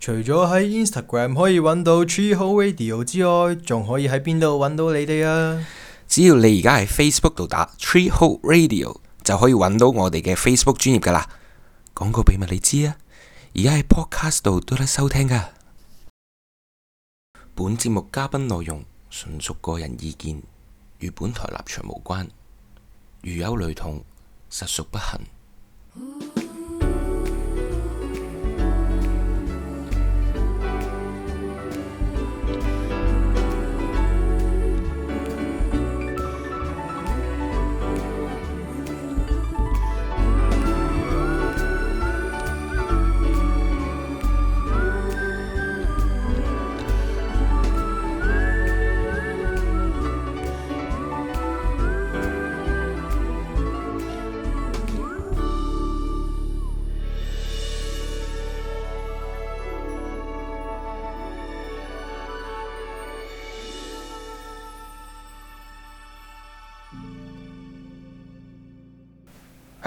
除咗喺 Instagram 可以揾到 Tree Hole Radio 之外，仲可以喺邊度揾到你哋啊？只要你而家喺 Facebook 度打 Tree Hole Radio，就可以揾到我哋嘅 Facebook 專頁㗎喇。講個秘密你知啊，而家喺 Podcast 度都得收聽㗎。本節目嘉賓內容純屬個人意見，與本台立場無關。如有雷同，實屬不幸。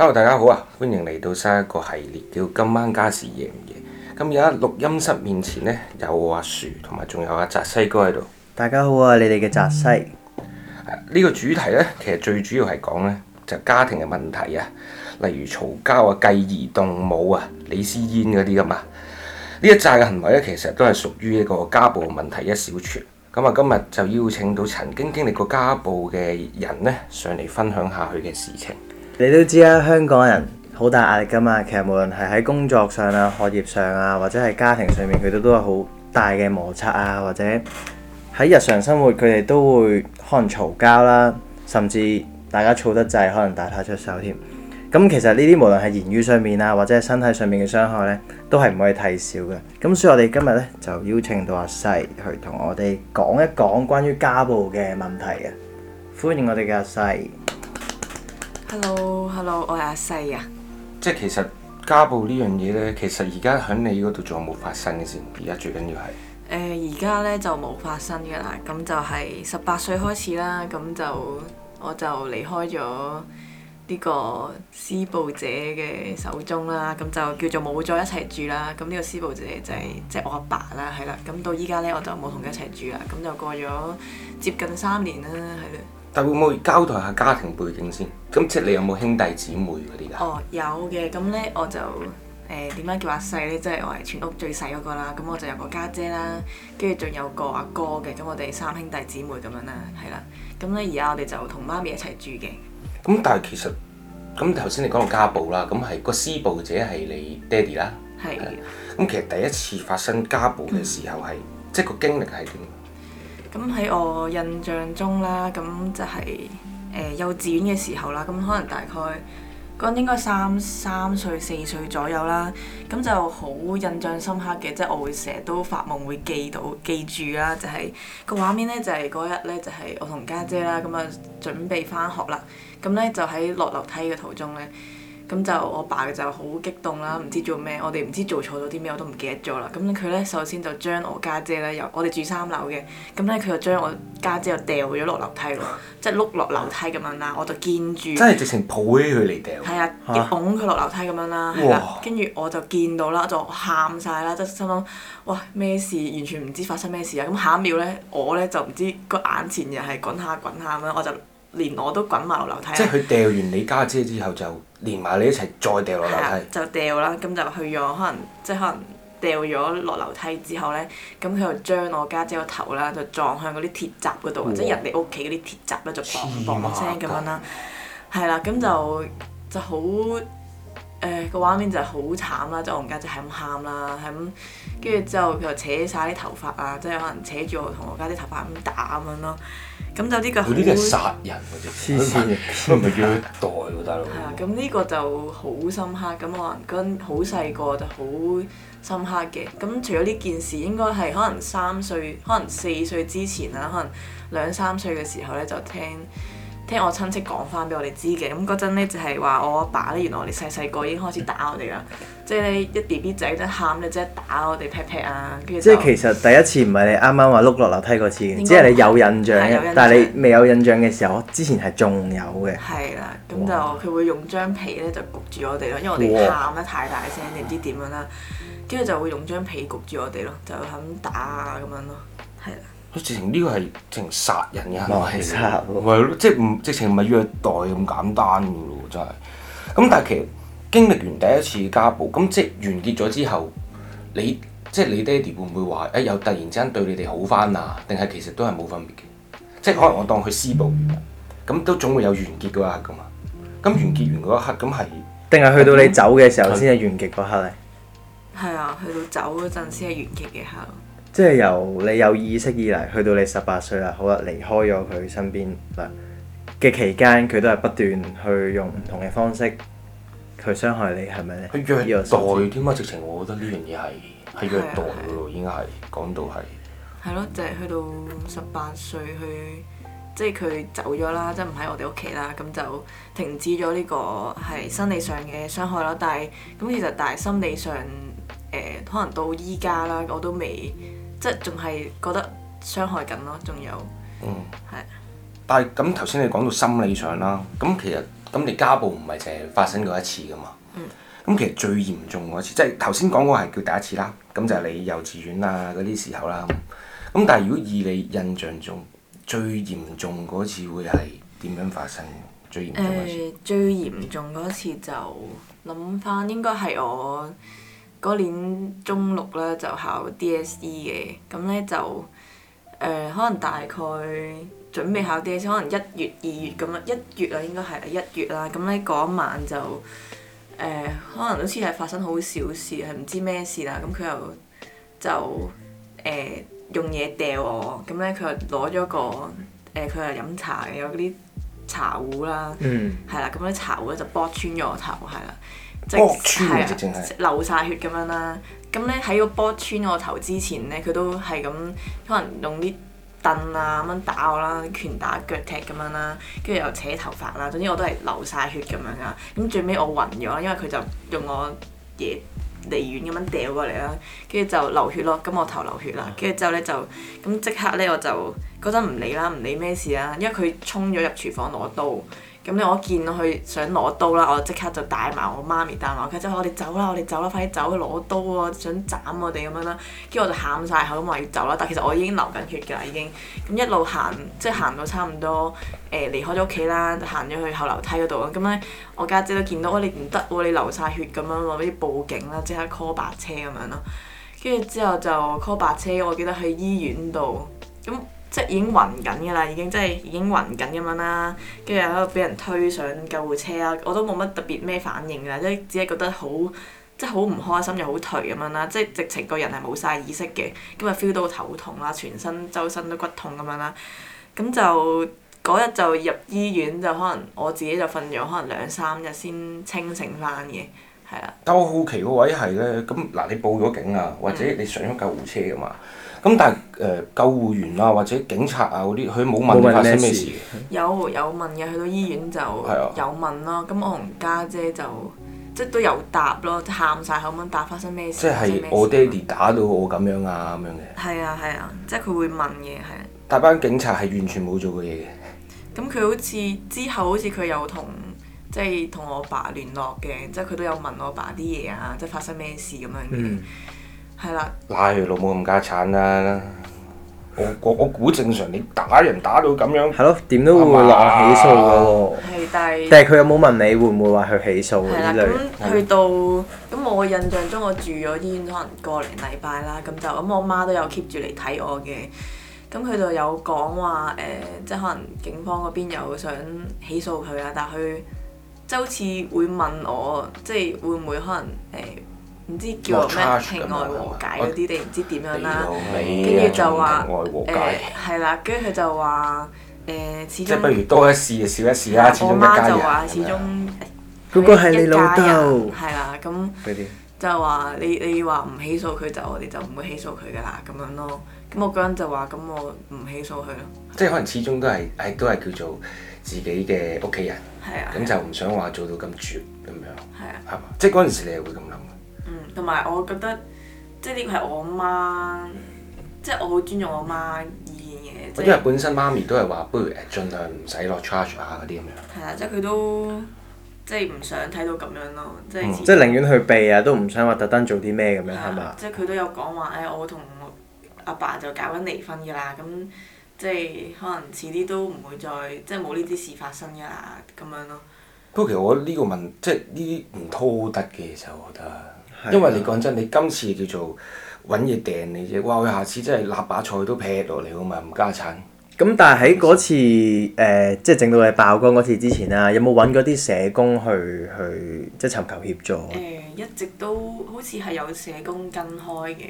Hello 大家好啊，歡迎嚟到新一個系列叫今晚家事夜唔夜。咁而家錄音室面前呢，有阿樹同埋仲有阿澤西哥喺度。大家好啊，你哋嘅澤西。呢、啊這個主題呢，其實最主要係講呢，就是、家庭嘅問題啊，例如嘈交啊、繼而動武啊、李思煙嗰啲咁啊。呢一紮嘅行為呢，其實都係屬於一個家暴問題一小撮。咁、嗯、啊，今日就邀請到曾經經歷過家暴嘅人呢，上嚟分享下佢嘅事情。你都知啦，香港人好大壓力噶嘛。其實無論係喺工作上啊、學業上啊，或者係家庭上面，佢哋都有好大嘅摩擦啊，或者喺日常生活，佢哋都會可能嘈交啦，甚至大家嘈得滯，可能大打出手添。咁其實呢啲無論係言語上面啊，或者係身體上面嘅傷害呢，都係唔可以睇少嘅。咁所以我哋今日呢，就邀請到阿細去同我哋講一講關於家暴嘅問題嘅，歡迎我哋嘅阿細。Hello，Hello，Hello，我係阿細啊。即係其實家暴呢樣嘢呢，其實而家響你嗰度仲有冇發生嘅先？而家最緊要係誒，而家、呃、呢就冇發生噶啦。咁就係十八歲開始啦，咁就我就離開咗呢個施暴者嘅手中啦。咁就叫做冇再一齊住啦。咁呢個施暴者就係即係我阿爸啦，係啦。咁到依家呢，我就冇同佢一齊住啦。咁就過咗接近三年啦，係啦。但會唔會交代下家庭背景先？咁即係你有冇兄弟姊妹嗰啲噶？哦，有嘅。咁咧我就誒點解叫阿細咧？即係我係全屋最細嗰個啦。咁我就有個家姐啦，跟住仲有個阿哥嘅。咁我哋三兄弟姊妹咁樣啦，係啦。咁咧而家我哋就同媽咪一齊住嘅。咁但係其實咁頭先你講到家暴啦，咁係個施暴者係你爹哋啦。係。咁其實第一次發生家暴嘅時候係，嗯、即係個經歷係點？咁喺我印象中啦，咁就係、是、誒、呃、幼稚園嘅時候啦，咁可能大概嗰陣應該三三歲四歲左右啦，咁就好印象深刻嘅，即、就、係、是、我會成日都發夢會記到記住啦，就係、是、個畫面呢，就係嗰日呢，就係、是、我同家姐、姐啦，咁啊準備返學啦，咁呢，就喺落樓梯嘅途中呢。咁就我爸就好激動啦，唔知做咩，我哋唔知做錯咗啲咩，我都唔記得咗啦。咁佢呢，首先就將我家姐呢，由我哋住三樓嘅，咁呢，佢就將我家姐又掉咗落樓梯喎，即係碌落樓梯咁樣啦。我就見住，即係直情抱起佢嚟掉，係啊，擁佢落樓梯咁樣啦。跟住哇、啊、我就見到啦，就喊晒啦，即係心諗，哇咩事？完全唔知發生咩事啊！咁下一秒呢，我呢就唔知個眼前又係滾下滾下咁樣，我就連我都滾埋落樓梯。即係佢掉完你家姐之後就，連埋你一齊再掉落樓梯， 啊、就掉啦。咁就去咗，可能即係、即係、可能掉咗落樓梯之後咧，咁佢就將我家姐個頭啦，就撞向嗰啲鐵閘嗰度啊，即係哇人哋屋企嗰啲鐵閘咧，就咣咣聲咁樣啦。係、呃、啦，咁就就好誒個畫面就係好慘啦，就、我家姐係咁喊啦，係咁跟住之後佢就扯晒啲頭髮啊，即係可能扯住我同我家姐頭髮咁打咁樣咯。咁就呢個好殺人，黐線嘅 叫虐待喎，大佬。係啊，咁呢個就好深刻，咁可能跟好細個就好深刻嘅。咁除咗呢件事，應該係可能三歲，可能四歲之前啦，可能兩三歲嘅時候咧就聽。聽我親戚講翻俾我哋知嘅，咁嗰陣咧就係話我阿爸呢，原來我哋細細個已經開始打我哋啦，即係咧一 B B 仔咧喊咧，即係打我哋劈劈啊，跟住即係其實第一次唔係你啱啱話碌落樓梯嗰次嘅，只係你有印象但係你未有印象嘅時候，之前係仲有嘅。係啦、嗯，咁就佢哇會用張被呢，就焗住我哋咯，因為我哋喊得太大聲哇你唔知點樣啦，跟住就會用張被焗住我哋咯，就咁打啊咁樣咯，係啦。直情呢個係直情殺人嘅行為，咪係咯，即係唔直情唔係虐待咁簡單嘅喎，真係。咁但係其實經歷完第一次家暴，咁即係完結咗之後，你即係、就是、你爹哋會唔會話，誒、欸、有突然之間對你哋好翻啊？定係其實都係冇分別嘅，即係 可能我當佢施暴咁，都總會有完結嗰一刻㗎嘛。咁完結完嗰一刻，咁係定係去到你走嘅時候先係完結嗰刻咧？係 啊，去到走嗰陣先係完結嘅一刻。即係由你有意識以來，去到你十八歲啦，好啦，離開咗佢身邊嘅期間，佢都係不斷去用唔同嘅方式去傷害你，係咪咧？佢虐待添解直情我覺得呢樣嘢係係虐待咯，的已經係講到係係咯，就係、係、去到十八歲，去即係佢走咗啦，即係唔喺我哋屋企啦，咁就停止咗呢個係生理上嘅傷害咯。但係咁其實，但係心理上誒，可能到依家啦，我都未。即係仲係覺得傷害緊咯，仲有，係、嗯是。但係咁頭先你講到心理上啦，咁其實咁你家暴唔係凈係發生過一次㗎嘛？咁、嗯、其實最嚴重嗰次，即係頭先講過係叫第一次啦。咁、嗯、就係你幼稚園啊嗰啲時候啦。咁、嗯、但係如果以你印象中最嚴重嗰次會係點樣發生？最嚴重嗰次、欸？最嚴重嗰次就諗翻、嗯、應該係我，嗰年中六咧就考 DSE 嘅，咁咧就誒、呃、可能大概準備考 DSE，可能一月二月咁啦，一月啊應該係一月啦，咁咧嗰一晚就誒、呃、可能好似係發生好小事，係唔知咩事啦，咁佢又就誒、呃、用嘢掉我，咁咧佢又攞咗個誒佢又飲茶嘅有啲茶壺啦，係啦、mm.，咁嗰啲茶壺咧就剝穿咗我頭，係啦。即係流晒血咁樣啦，咁咧喺個波穿我頭之前咧，佢都係咁可能用啲凳啊咁樣打我啦，拳打腳踢咁樣啦，跟住又扯頭髮啦，總之我都係流晒血咁樣噶。咁最尾我暈咗，因為佢就用我嘢離遠咁樣掉過嚟啦，跟住就流血咯。咁我頭流血啦，跟住之後咧就咁即刻咧我就嗰陣唔理啦，唔理咩事啦，因為佢衝咗入廚房攞刀。咁咧我見到佢想攞刀啦，我就即刻就帶埋我，我媽咪，帶埋我家姐，姐，我哋走啦，我哋走啦，快啲走，攞刀啊，想斬我哋咁樣啦。跟住我就喊曬口，咁話要走啦。但其實我已經流緊血㗎啦，已經。咁、嗯、一路行，即係行到差唔多誒離、呃、開咗屋企啦，行咗去後樓梯嗰度咁咧我家姐，姐都見到，哇、哎、你唔得喎，你流晒血咁樣喎，啲報警啦，即刻 call 白車咁樣啦。跟住之後就 call 白車，我記得去醫院度咁。嗯即係已經暈緊㗎啦，已經即係已經暈緊咁樣啦，跟住喺度俾人推上救護車呀，我都冇乜特別咩反應㗎，即係只係覺得好即係好唔開心又好頹咁樣啦，即係直情個人係冇晒意識嘅，咁啊 feel 到頭痛啦，全身周身都骨痛咁樣啦，咁就嗰日就入醫院就可能我自己就瞓咗可能兩三日先清醒翻嘅，係呀，但我好奇個位係咧，咁嗱你報咗警啊，或者你上咗救護車㗎嘛？嗯咁但係誒、呃、救護員啊或者警察啊嗰啲，佢冇問，問發生咩事嘅。有有問嘅，去到醫院就有問咯。咁、啊、我同家姐，姐就即係都有答咯，喊晒口問答發生咩事。即係是 我爹哋打到我咁樣啊咁樣嘅。係啊係啊，啊，即係佢會問嘅係。大班、啊、警察係完全冇做過嘢嘅。咁佢好似之後好似佢有同即係同我爸聯絡嘅，即係佢都有問我爸啲嘢啊，即係發生咩事咁樣嘅。嗯係啦，嗱，佢老母咁家產啦！我我我估正常，你打人打到咁樣，係咯，點都會話起訴嘅喎。但係但係佢有冇問你會唔會話去起訴？咁去到咁好、嗯、我印象中，我住咗醫院可能個零禮拜啦，咁就咁我媽都有 keep 住嚟睇我嘅。咁佢就有講話誒，即係可能警方嗰邊有想起訴佢啊，但係佢周次好似會問我，即係會唔會可能誒？呃唔知叫咩庭外和解嗰啲定唔知點樣啦？跟住就話庭外和解係啦，跟住佢就話誒始終即係不如多一事少一事啦。我媽就話始終嗰個係你老豆係啦，咁就話你你話唔起訴佢，就我哋就唔會起訴佢噶啦，咁樣咯。咁我個人就話咁，我唔起訴佢咯。即係可能始終都係誒，都係叫做自己嘅屋企人係啊。咁就唔想話做到咁絕咁樣係啊，係嘛？即係嗰陣時你係會咁諗。同埋我覺得，即係呢個係我媽，即係、嗯、我好尊重我媽意見嘅。即係、因為本身媽咪都係話，不如誒盡量唔使落 charge 啊嗰啲咁樣。係、就、啊、係，即係佢都即係唔想睇到咁樣咯，即係。即係寧願去避啊，都唔想話特登做啲咩咁樣，係咪啊？即係佢都有講話，誒、哎、我同阿爸就搞緊離婚㗎啦，咁即係可能遲啲都唔會再即係冇呢啲事發生㗎啦，咁樣咯。不過其實我覺得呢個問即係呢啲唔拖得嘅，其實我覺得。因為你講真，你今次叫做搵嘢掟你啫，哇！佢下次真係立把菜都劈落嚟好嘛，唔家產。咁、嗯、但係喺嗰次誒、嗯呃，即係整到係爆缸嗰次之前啊，有冇搵嗰啲社工去去即係尋求協助？誒、呃、一直都好似係有社工跟開嘅，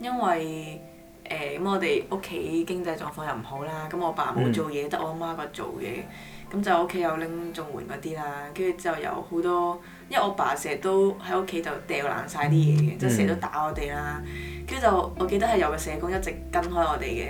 因為誒咁、呃、我哋屋企經濟狀況又唔好啦，咁我爸冇做嘢，得、嗯、我阿媽個做嘢，咁就屋企有拎綜援嗰啲啦，跟住之後有好多。因為我爸成日都喺屋企就掉爛晒啲嘢嘅，嗯、即係成日都打我哋啦。跟住就我記得係有個社工一直跟開我哋嘅，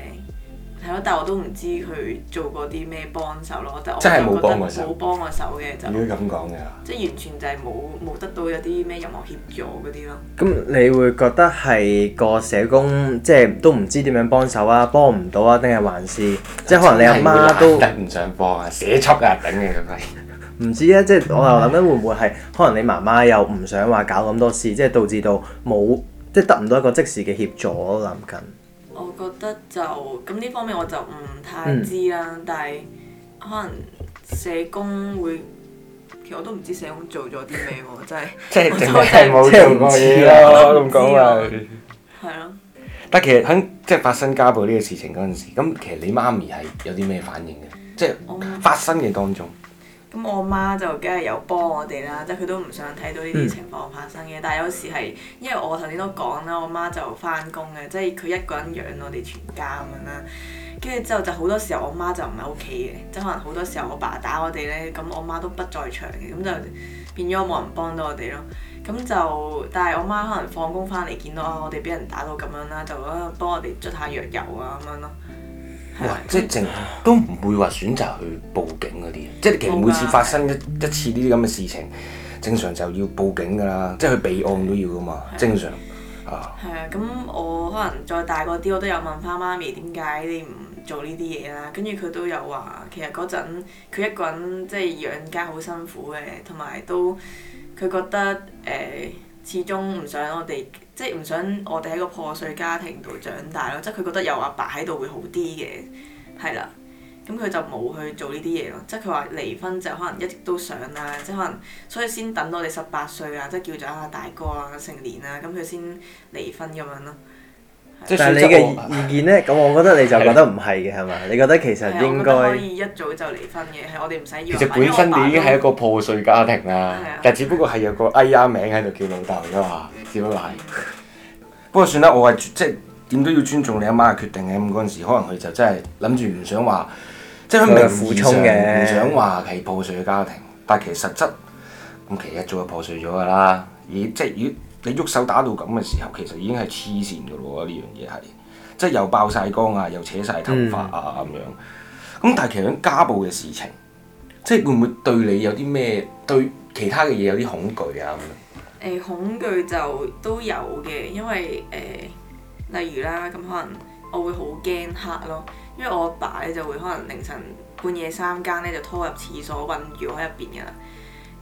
係咯，但係我都唔知佢做過啲咩幫手咯。即係、嗯、我覺得冇幫我手嘅。就點會咁講嘅？即係完全就係冇冇得到有啲咩任何協助嗰啲咯。咁你會覺得係個社工即係、就是、都唔知點樣幫手啊，幫唔到啊，定係還是？嗯、即係可能你阿媽都唔想幫啊， 寫錯啊，頂你個肺！ 唔知咧，即係我又諗緊會唔會係可能你媽媽又唔想話搞咁多事，即係導致到冇即係得唔到一個即時嘅協助。我諗緊，我覺得就咁呢方面我就唔太知啦，嗯、但係可能社工會，其實我都唔知社工做咗啲咩喎，真係即係淨係冇做過嘢咁講咪係咯？但其實喺即係發生家暴呢個事情嗰陣時，咁其實你媽咪係有啲咩反應嘅？即係發生嘅當中。咁我媽就梗係有幫我哋啦，即係佢都唔想睇到呢啲情況發生嘅。但係有時係因為我頭先都講啦，我媽就翻工嘅，即係佢一個人養我哋全家咁樣啦。跟住之後就好多時候我媽就唔喺屋企嘅，即係可能好多時候我爸打我哋呢，咁我媽都不在場嘅，咁就變咗冇人幫到我哋咯。咁就但係我媽可能放工翻嚟見到啊，我哋俾人打到咁樣啦，就啊幫我哋捽下藥油啊咁樣咯。即係正常都唔會話選擇去報警嗰啲，即係其實每次發生一一次呢啲咁嘅事情，的正常就要報警㗎啦，的即係去備案都要㗎嘛，的正常的啊。係啊，咁我可能再大個啲，我都有問返媽咪點解你唔做呢啲嘢啦，跟住佢都有話，其實嗰陣佢一個人即係養家好辛苦嘅，同埋都佢覺得誒、呃、始終唔想我哋。即係唔想我哋喺個破碎家庭度長大咯，即係佢覺得有阿爸喺度會好啲嘅，係啦，咁佢就冇去做呢啲嘢咯。即係佢話離婚就可能一直都想啦，即係可能所以先等到我哋十八歲啊，即係叫咗阿大哥啊成年啊，咁佢先離婚咁樣咯。即係你嘅意見咧，咁我覺得你就覺得唔係嘅，係嘛的？你覺得其實應該可以一早就離婚嘅，係我哋唔使要。其實本身你已經係一個破碎家庭啦，的但只不過係有個哎呀、啊、名喺度叫老豆啫嘛，只不過的 不過算啦，我係即係點都要尊重你阿媽嘅決定嘅。咁嗰陣時可能佢就真係諗住唔想話，即係佢唔係負充嘅，唔想話係破碎嘅家庭，但係其實，實質咁其實一早就破碎咗噶啦，而即係與。你喐手打到咁嘅時候，其實已經係黐線噶咯喎！呢樣嘢係，即係又爆晒光啊，又扯晒頭髮啊咁、嗯、樣。咁但係其實家暴嘅事情，即係會唔會對你有啲咩對其他嘅嘢有啲恐懼啊咁樣？誒、欸、恐懼就都有嘅，因為誒、欸、例如啦，咁可能我會好驚黑咯，因為我阿爸咧就會可能凌晨半夜三更咧就拖入廁所困住我喺入邊噶啦。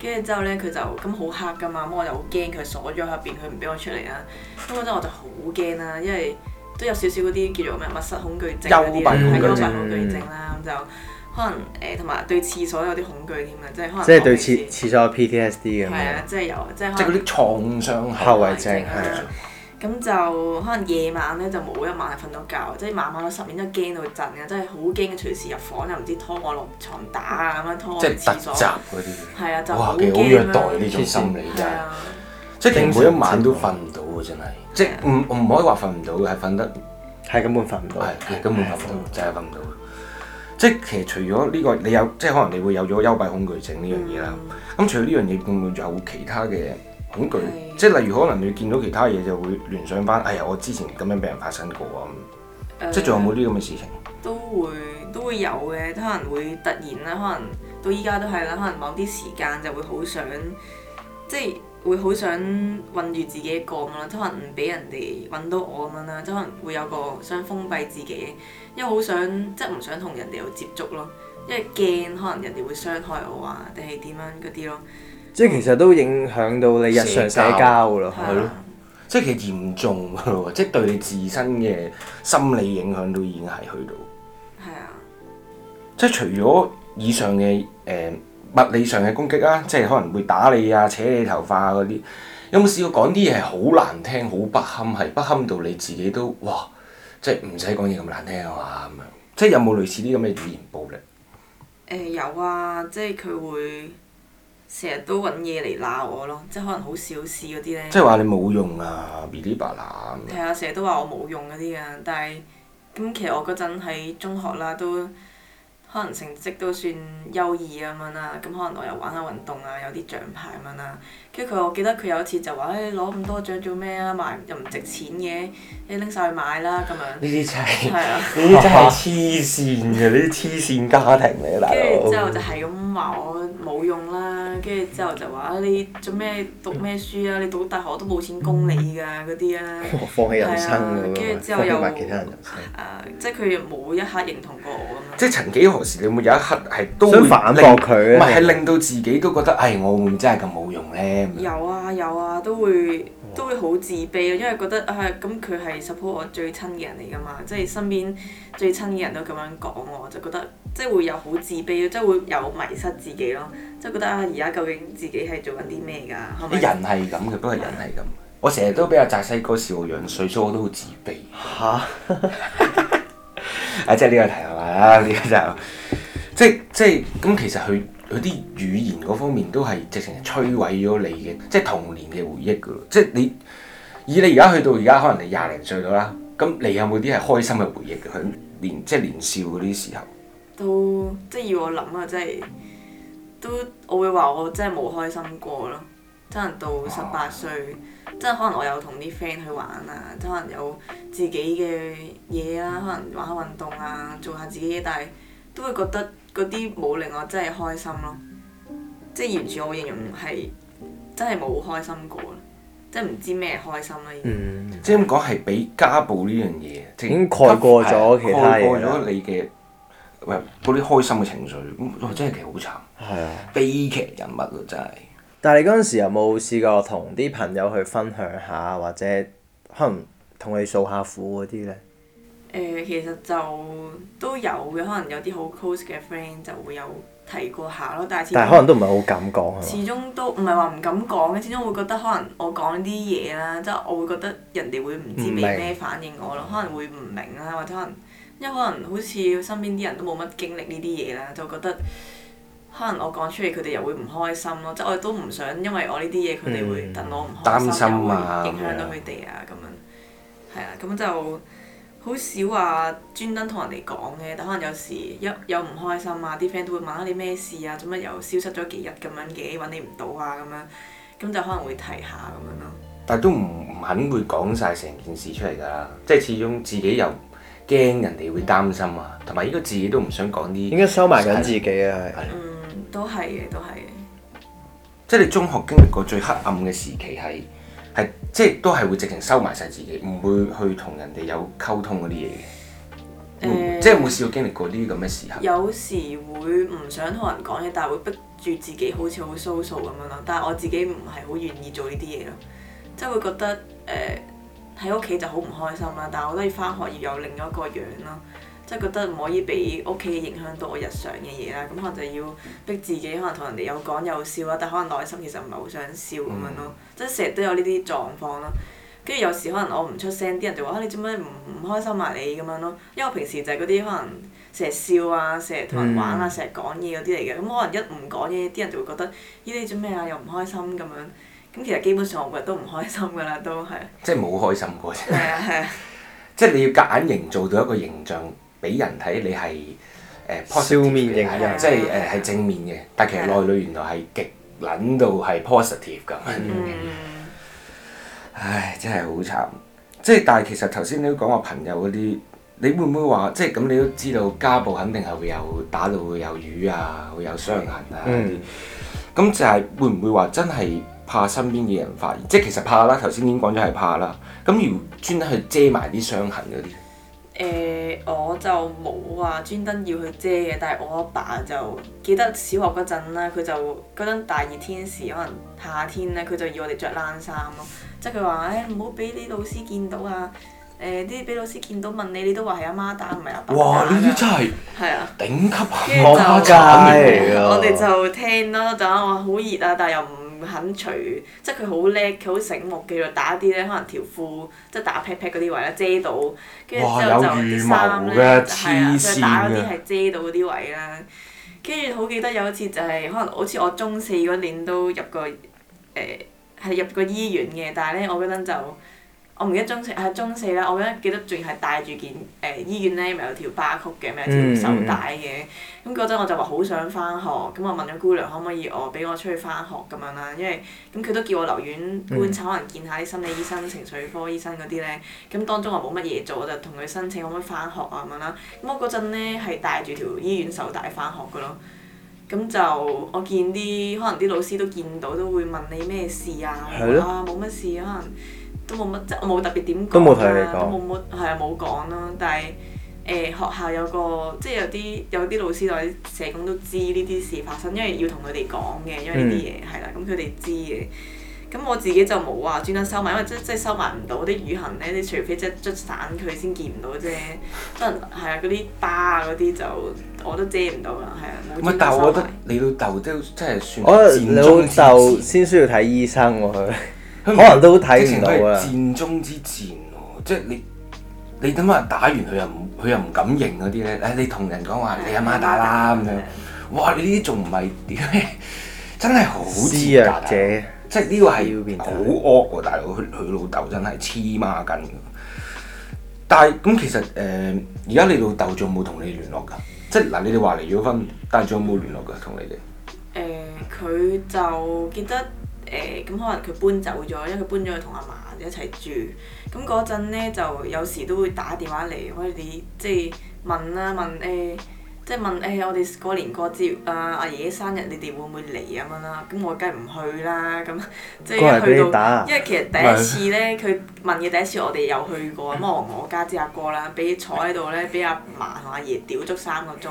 跟住之後咧，佢就咁好黑噶嘛，咁我就好驚佢鎖咗喺入邊，佢唔俾我出嚟啦。咁嗰陣我就好驚啦，因為都有少少嗰啲叫做咩密室恐懼症啲幽閉恐懼症啦。咁、嗯嗯、就可能誒同埋對廁所有啲恐懼添啊。即係可，可能。即係對廁廁所有 PTSD 嘅。係啊，即係有，即係。即係嗰啲創傷後遺症係啊對。咁就可能夜晚咧就冇一晚係瞓到覺，即係晚晚都失眠，都驚到震嘅，即係好驚隨時入房又唔知拖我落床打啊咁樣拖。即係突襲嗰啲。係啊，就哇，其實好虐待呢種心理㗎，即係每一晚都瞓唔到，真係，即係唔唔可以話瞓唔到嘅係瞓得，係根本瞓唔到，係根本瞓唔到，真係瞓唔到。即係其實除咗呢個，你有即係可能你會有咗幽閉恐懼症呢樣嘢啦。咁除咗呢樣嘢，會唔會有其他嘅？恐懼、嗯，即係例如，可能你見到其他嘢就會聯想翻，哎呀，我之前咁樣俾人發生過啊，嗯、即係仲有冇啲咁嘅事情、呃？都會，都會有嘅，可能會突然啦，可能到依家都係啦，可能某啲時間就會好想，即係會好想困住自己一個咁咯,即可能唔俾人哋搵到我咁樣啦，即可能會有個想封閉自己，因為好想即係唔想同人哋有接觸咯，因為驚可能人哋會傷害我啊，定係點樣嗰啲咯。即係其實都影響到你日常社交咯，係咯，即係其實嚴重嘅喎，即係對你自身嘅心理影響都已經係去到。係啊的。即係除咗以上嘅誒、呃、物理上嘅攻擊啊，即係可能會打你啊、扯你頭髮嗰啲，有冇試過講啲嘢係好難聽、好不堪，係不堪到你自己都哇！即係唔使講嘢咁難聽啊嘛。」咁樣，即係有冇類似啲咁嘅語言暴力？誒、呃、有啊，即係佢會。成日都揾嘢嚟鬧我咯，即係可能好小事嗰啲呢，即係話你冇用啊 b e a u t 係啊，成日、 嗯、都話我冇用嗰啲啊。但係咁其實我嗰陣喺中學啦，都可能成績都算優異咁樣啦，咁可能我又玩下運動啊，有啲獎牌咁樣啦。跟住佢，我記得佢有一次就話，哎，你攞咁多獎做咩啊？賣又唔值錢嘅，你拎晒去賣啦咁樣。呢啲真係，呢啲真係黐線嘅，呢啲黐線家庭嚟啦。跟住之後就係咁話我冇用啦，跟住之後就話，你做咩讀咩書啊？你讀大學都冇錢供你㗎嗰啲啊。放棄 人生，跟住之後又其他人人、呃、即係佢冇一刻認同過我咁樣。即係曾幾何時，你會有一刻係都反駁佢？唔係，係令到自己都覺得，唉、哎，我會唔會真係咁冇用咧？有啊有啊，都會、嗯、都會好自卑，啊。因為覺得啊咁佢係 support 我最親嘅人嚟㗎嘛，即係身邊最親嘅人都咁樣講我，就覺得即係會有好自卑，即係會有迷失自己咯，即係覺得啊而家究竟自己係做緊啲咩㗎？係咪、哦、人係咁嘅，不過人係咁。我成日都俾阿澤西哥笑我樣衰，所以我都好自卑。嚇！啊，即係呢個題目啊，呢個就即係即係咁，其實佢。佢啲語言嗰方面都係直情摧毀咗你嘅、就是，即係童年嘅回憶噶。即係你以你而家去到而家，可能你廿零歲到啦，咁你有冇啲係開心嘅回憶？響年即係年少嗰啲時候，即即都即係要我諗啊，真係都我會話我真係冇開心過咯。可能到十八歲，啊、即係可能我有同啲 friend 去玩啊，即可能有自己嘅嘢啊，可能玩下運動啊，做下自己嘢，但係都會覺得。嗰啲冇令我真係開心咯，即係完全我形容係真係冇開心過，即係唔知咩開心啦。嗯，嗯即係咁講係俾家暴呢樣嘢已經蓋過咗其他嘢，蓋過咗你嘅，喂嗰啲開心嘅情緒咁，真係其實好慘。係啊，悲劇人物咯，啊，真係。但係你嗰陣時有冇試過同啲朋友去分享下，或者可能同佢訴下苦嗰啲咧？誒其實就都有嘅，可能有啲好 close 嘅 friend 就會有提過下咯。但係可能都唔係好敢講。始終都唔係話唔敢講嘅，始終會覺得可能我講啲嘢啦，即係我會覺得人哋會唔知俾咩反應我咯，嗯、可能會唔明啦，或者可能因為可能好似身邊啲人都冇乜經歷呢啲嘢啦，就覺得可能我講出嚟佢哋又會唔開心咯，即、就、係、是、我都唔想因為我呢啲嘢佢哋會等我唔開心，嗯、心就影響到佢哋啊咁、嗯、樣。係啊，咁就。好少話專登同人哋講嘅，但可能有時有有唔開心啊，啲 friend 都會問下你咩事啊，做乜又消失咗幾日咁樣嘅，揾你唔到啊咁樣，咁就可能會提下咁樣咯、啊。但都唔唔肯會講晒成件事出嚟㗎喇，即係始終自己又驚人哋會擔心啊，同埋應該自己都唔想講啲，應該收埋緊自己啊，的嗯，都係嘅，都係嘅。即係你中學經歷過最黑暗嘅時期係。係，即係都係會直情收埋晒自己，唔會去同人哋有溝通嗰啲嘢嘅。嗯，即係冇試過經歷過啲咁嘅時候、呃。有時會唔想同人講嘢，但係會逼住自己好似好訴訴咁樣咯。但係我自己唔係好願意做呢啲嘢咯，即係會覺得誒喺屋企就好唔開心啦。但係我都要返學，要有另一個樣啦。即係覺得唔可以俾屋企影響到我日常嘅嘢啦，咁、嗯嗯、可能就要逼自己，可能同人哋有講有笑啊，但可能內心其實唔係好想笑咁、嗯、樣咯。即係成日都有呢啲狀況啦。跟住有時可能我唔出聲，啲人就話，你做咩唔唔開心埋你咁樣咯？因為我平時就係嗰啲可能成日笑啊，成日同人玩啊，成日講嘢嗰啲嚟嘅，咁可能一唔講嘢，啲人就會覺得呢啲做咩啊？又唔開心咁樣。咁、嗯、其實基本上我日日都唔開心㗎啦，都係。即係冇開心過啫。係啊係啊。 即係你要夾硬營造到一個形象。俾人睇你係誒笑面型啊，即係誒係正面嘅，但其實內裏原來係極撚到係 positive 㗎。唉，真係好慘！即係但係其實頭先你都講話朋友嗰啲，你會唔會話即係咁？你都知道家暴肯定係會有打到會有瘀啊，會有傷痕啊。咁、嗯、就係會唔會話真係怕身邊嘅人發現？即係其實怕啦，頭先已經講咗係怕啦。咁要專登去遮埋啲傷痕嗰啲。誒、呃、我就冇話專登要去遮嘅，但係我阿爸，爸就記得小學嗰陣啦，佢就嗰陣大熱天時，可能夏天咧，佢就要我哋着冷衫咯。即係佢話：誒唔好俾啲老師見到啊！誒啲俾老師見到問你，你都話係阿媽打唔係阿爸打。哇！呢啲真係頂級校家界嚟㗎。我哋就聽咯，就話好熱啊，但係又唔～肯除，即係佢好叻，佢好醒目嘅，打啲咧，可能條褲即係打 pat pat 嗰啲位啦，遮到，跟住之後就啲衫咧，係啊，即係打嗰啲係遮到嗰啲位啦，遮到。哇！有羽毛嘅黐線。跟住好記得有一次就係、是、可能好似我中四嗰年都入過誒係、呃、入過醫院嘅，但係咧我嗰陣就。我唔記得中四係中四咧，我記得仲要係戴住件誒、呃、醫院呢咪有條巴曲嘅，咪有條手帶嘅。咁嗰陣我就話好想翻學，咁我問咗姑娘可唔可以我俾我出去翻學咁樣啦，因為咁佢都叫我留院觀察，嗯、可能見下啲心理醫生、情緒科醫生嗰啲呢。咁當中我冇乜嘢做，我就同佢申請可唔可以翻學啊咁樣啦。咁我嗰陣呢係戴住條醫院手帶翻學噶咯。咁就我見啲可能啲老師都見到，都會問你咩事啊？我話的啊冇乜事可能。都冇乜，即我冇特別點講都冇，係啊，冇講咯。但係誒、呃、學校有個，即係有啲有啲老師或者社工都知呢啲事發生，因為要同佢哋講嘅，因為呢啲嘢係啦，咁佢哋知嘅。咁我自己就冇話專登收埋，因為即即收埋唔到啲雨痕咧，你除非即係捽散佢先見唔到啫。可能，係啊，嗰啲疤啊嗰啲就我都遮唔到啦，係啊，唔係，但我覺得你老竇都真係算，我覺得你老竇先需要睇醫生喎佢。我去可能都睇到啊！係係戰中之戰喎，即係你你點解打完佢又唔佢又唔敢認嗰啲咧？誒，你同人講話你阿媽，媽打啦咁、嗯、樣，哇！你呢啲仲唔係點真係好懦弱者，即係呢個係要變好惡喎、啊！大佬佢佢老豆真係黐孖筋。但係咁其實誒，而、呃、家你老豆仲有冇同你聯絡㗎？即係嗱、呃，你哋話離咗婚，但係仲有冇聯絡㗎？同、嗯、你哋？誒、呃，佢就記得。誒咁、欸、可能佢搬走咗，因為佢搬咗去同阿嫲一齊住。咁嗰陣咧，就有時都會打電話嚟、即係啊欸即係欸，我哋即係問啦問誒，即係問誒，我哋過年過節啊，阿爺爺生日，你哋會唔會嚟咁樣啦？咁我梗係唔去啦。咁即係去到，因為其實第一次咧，佢。 問嘅第一次我哋有去過，咁、嗯、我我家姐阿哥啦，俾坐喺度呢，俾阿嫲阿爺屌足三個鐘。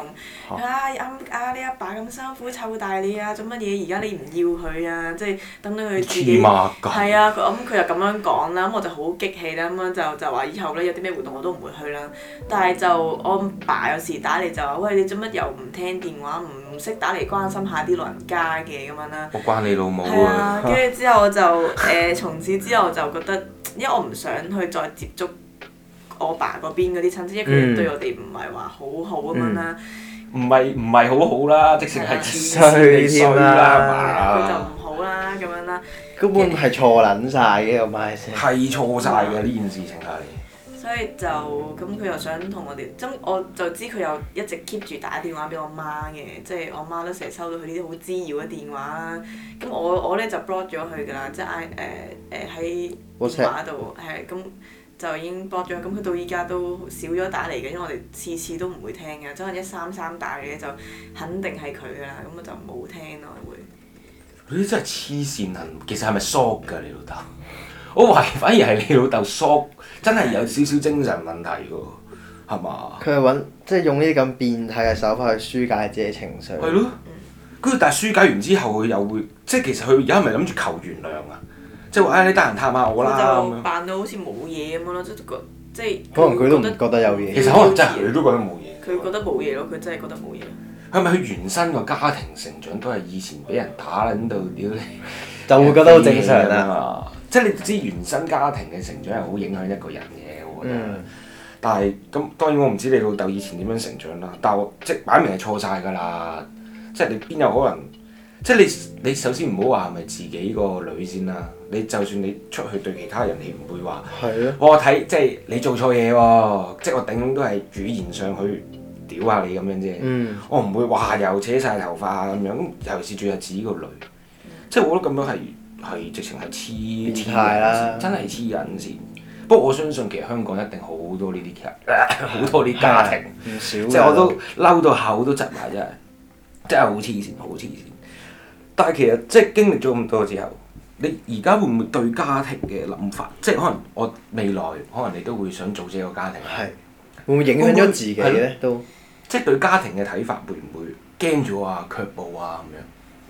啊、哎，啊！你阿爸咁辛苦湊大你啊，做乜嘢？而家你唔要佢啊？即、就、係、是、等到佢自己。黐孖㗎。係啊，咁、嗯、佢就咁樣講啦，咁、嗯、我就好激氣啦，咁、嗯、樣就就話以後呢，有啲咩活動我都唔會去啦。但係就我爸，爸有時打嚟就話：喂，你做乜又唔聽電話？唔識打嚟關心下啲老人家嘅咁樣啦。我關你老母啊！跟住、啊嗯啊、之後我就誒、呃，從此之後就覺得。因為我唔想去再接觸我爸嗰邊嗰啲親戚，因為佢哋對我哋唔係話好好咁樣啦。唔係唔係好好啦，直情係黐線啦，佢就唔好啦咁樣啦。根本係錯撚晒嘅，我咪先。係來錯曬嘅呢件事情係。所以就咁，佢、嗯、又想同我哋，咁我就知佢又一直 keep 住打電話俾我媽嘅，即係我媽都成日收到佢呢啲好滋擾嘅電話啦。咁我我呢就 block 咗佢㗎喇，即係嗌誒喺電話度誒咁就已經 block 咗。咁佢到依家都少咗打嚟嘅，因為我哋次次都唔會聽嘅，即係一三三打嘅就肯定係佢㗎喇，咁我就冇聽咯會。誒真係黐線行，其實係咪傻㗎你老豆？我懷疑反而係你老豆叔真係有少少精神問題喎，係嘛？佢係揾即係用呢啲咁變態嘅手法去抒解自己情緒。係咯。跟住但係抒解完之後，佢又會即係其實佢而家咪諗住求原諒啊！即係話唉，你得閒探下我啦。就扮到好似冇嘢咁樣咯，即係即係。可能佢都唔覺得有嘢。其實可能真係佢都覺得冇嘢。佢覺得冇嘢咯，佢真係覺得冇嘢。係咪佢原生個家庭成長都係以前俾人打喺度屌？就會覺得好正常啦。即係你知原生家庭嘅成長係好影響一個人嘅，我覺得。嗯、但係咁當然我唔知你老豆以前點樣成長啦。但係我即係擺明係錯晒㗎啦。即係你邊有可能？即係你你首先唔好話係咪自己個女先啦。你就算你出去對其他人，你唔會話。係啊是的。我睇即係你做錯嘢喎，即係我頂多都係語言上去屌下你咁樣啫。嗯、我唔會話又扯晒頭髮咁樣，嗯、尤其是仲係自己個女。即係我覺得咁樣係。係直情係黐黐人線，真係黐人線。不過我相信其實香港一定好多呢啲劇，好 多啲家庭。即係我都嬲到口都窒埋，真係真係好黐線，好黐線。但係其實即係經歷咗咁多之後，你而家會唔會對家庭嘅諗法，即係可能我未來可能你都會想組織一個家庭？係會唔會影響咗自己咧？會會都即係對家庭嘅睇法，會唔會驚咗啊、卻步啊咁樣？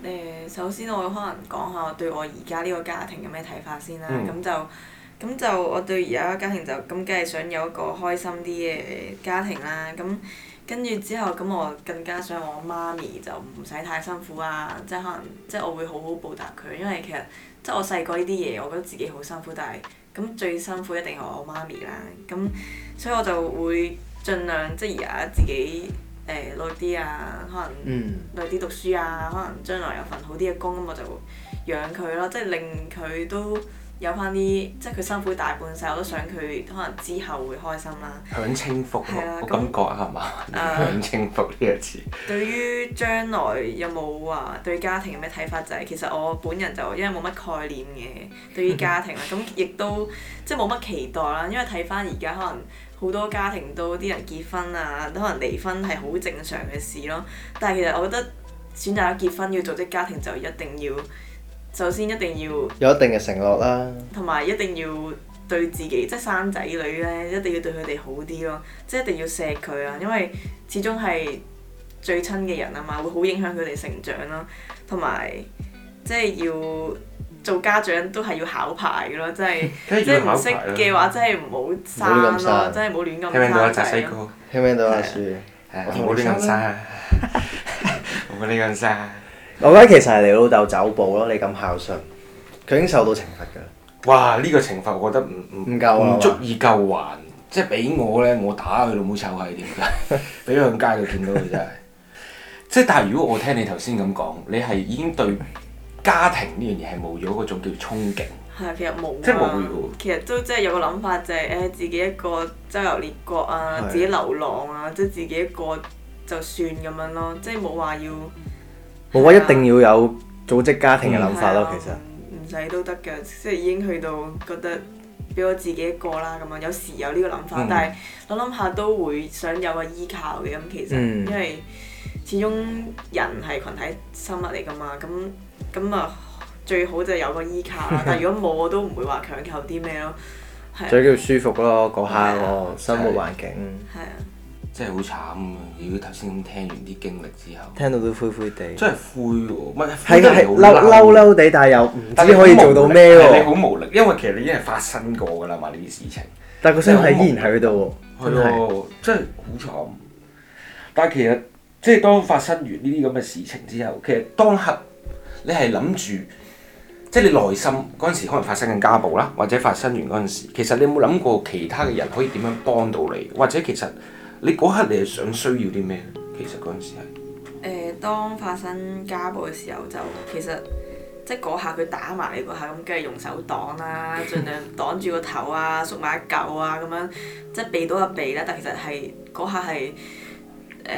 誒，首先我可能講下我對我而家呢個家庭有咩睇法先啦。咁、嗯、就咁就我對而家家庭就咁，梗係想有一個開心啲嘅家庭啦。咁跟住之後，咁我更加想我媽咪就唔使太辛苦啊。即係可能即係我會好好報答佢，因為其實即係我細個呢啲嘢，我覺得自己好辛苦，但係咁最辛苦一定係我媽咪啦。咁所以我就會盡量即係而家自己。誒耐啲啊，可能耐啲讀書啊，可能將來有份好啲嘅工，咁我就養佢咯，即係令佢都有翻啲，即係佢辛苦大半世，我都想佢可能之後會開心、啊、 啦。享清福喎，我感覺啊係嘛，享清福呢個字。對於將來有冇話對家庭有咩睇法？就係、是、其實我本人就因為冇乜概念嘅對於家庭啦，咁亦、嗯、哼都即係冇乜期待啦，因為睇翻而家可能。好多家庭都啲人結婚啊，都可能離婚係好正常嘅事咯。但係其實我覺得選擇咗結婚要組織家庭就一定要首先一定要有一定嘅承諾啦，同埋一定要對自己即係生仔女呢一定要對佢哋好啲咯，即係一定要錫佢啊，因為始終係最親嘅人啊嘛，會好影響佢哋成長咯，同埋即係要。做家長都係要考牌嘅咯，真係即係唔識嘅話，真係唔好生咯，真係唔好亂咁生。聽唔聽到啊，仔？聽唔聽到啊，樹？我冇亂咁生。我覺得其實係你老豆走步咯，你咁孝順，佢已經受到懲罰㗎。哇！呢個懲罰我覺得唔唔唔足以夠還，即係俾我咧，我打佢老母臭閪，點解？俾向街度見到佢真係。即係但係如果我聽你頭先咁講，你係已經對。家庭呢樣嘢係冇咗嗰種叫憧憬，係其實冇、啊，即係其實都即係有個諗法，就係、是、誒自己一個周遊列國啊，的自己流浪啊，即、就、係、是、自己一個就算咁樣咯，即係冇話要冇話一定要有組織家庭嘅諗法咯、嗯。其實唔使、嗯、都得嘅，即係已經去到覺得俾我自己一個啦。咁啊，有時有呢個諗法，嗯、但係諗諗下都會想有個依靠嘅咁。其實、嗯、因為始終人係群體生物嚟㗎嘛，咁。咁啊，最好就有個依靠啦。但係如果冇，我都唔會話強求啲咩咯。所以叫舒服咯，嗰下個生活環境。係啊。真係好慘啊！如果頭先咁聽完啲經歷之後，聽到都灰灰地。真係灰喎，唔係係嬲嬲嬲地，但係又唔知可以做到咩喎？你好無力，因為其實你已經係發生過㗎啦嘛，呢啲事情。但係個傷係依然喺度喎。係真係好慘。但係其實即係當發生完呢啲咁嘅事情之後，其實當刻。你係諗住，即、就、係、是、你內心嗰陣時可能發生緊家暴啦，或者發生完嗰陣時，其實你有冇諗過其他嘅人可以點樣幫到你？或者其實你嗰刻你係想需要啲咩？其實嗰陣時係誒、呃，當發生家暴嘅時候就其實即係嗰下佢打埋你嗰下咁，梗係用手擋啦，盡量擋住個頭啊， 縮埋一嚿啊咁樣，即係避到一避啦。但其實係嗰下係誒。呃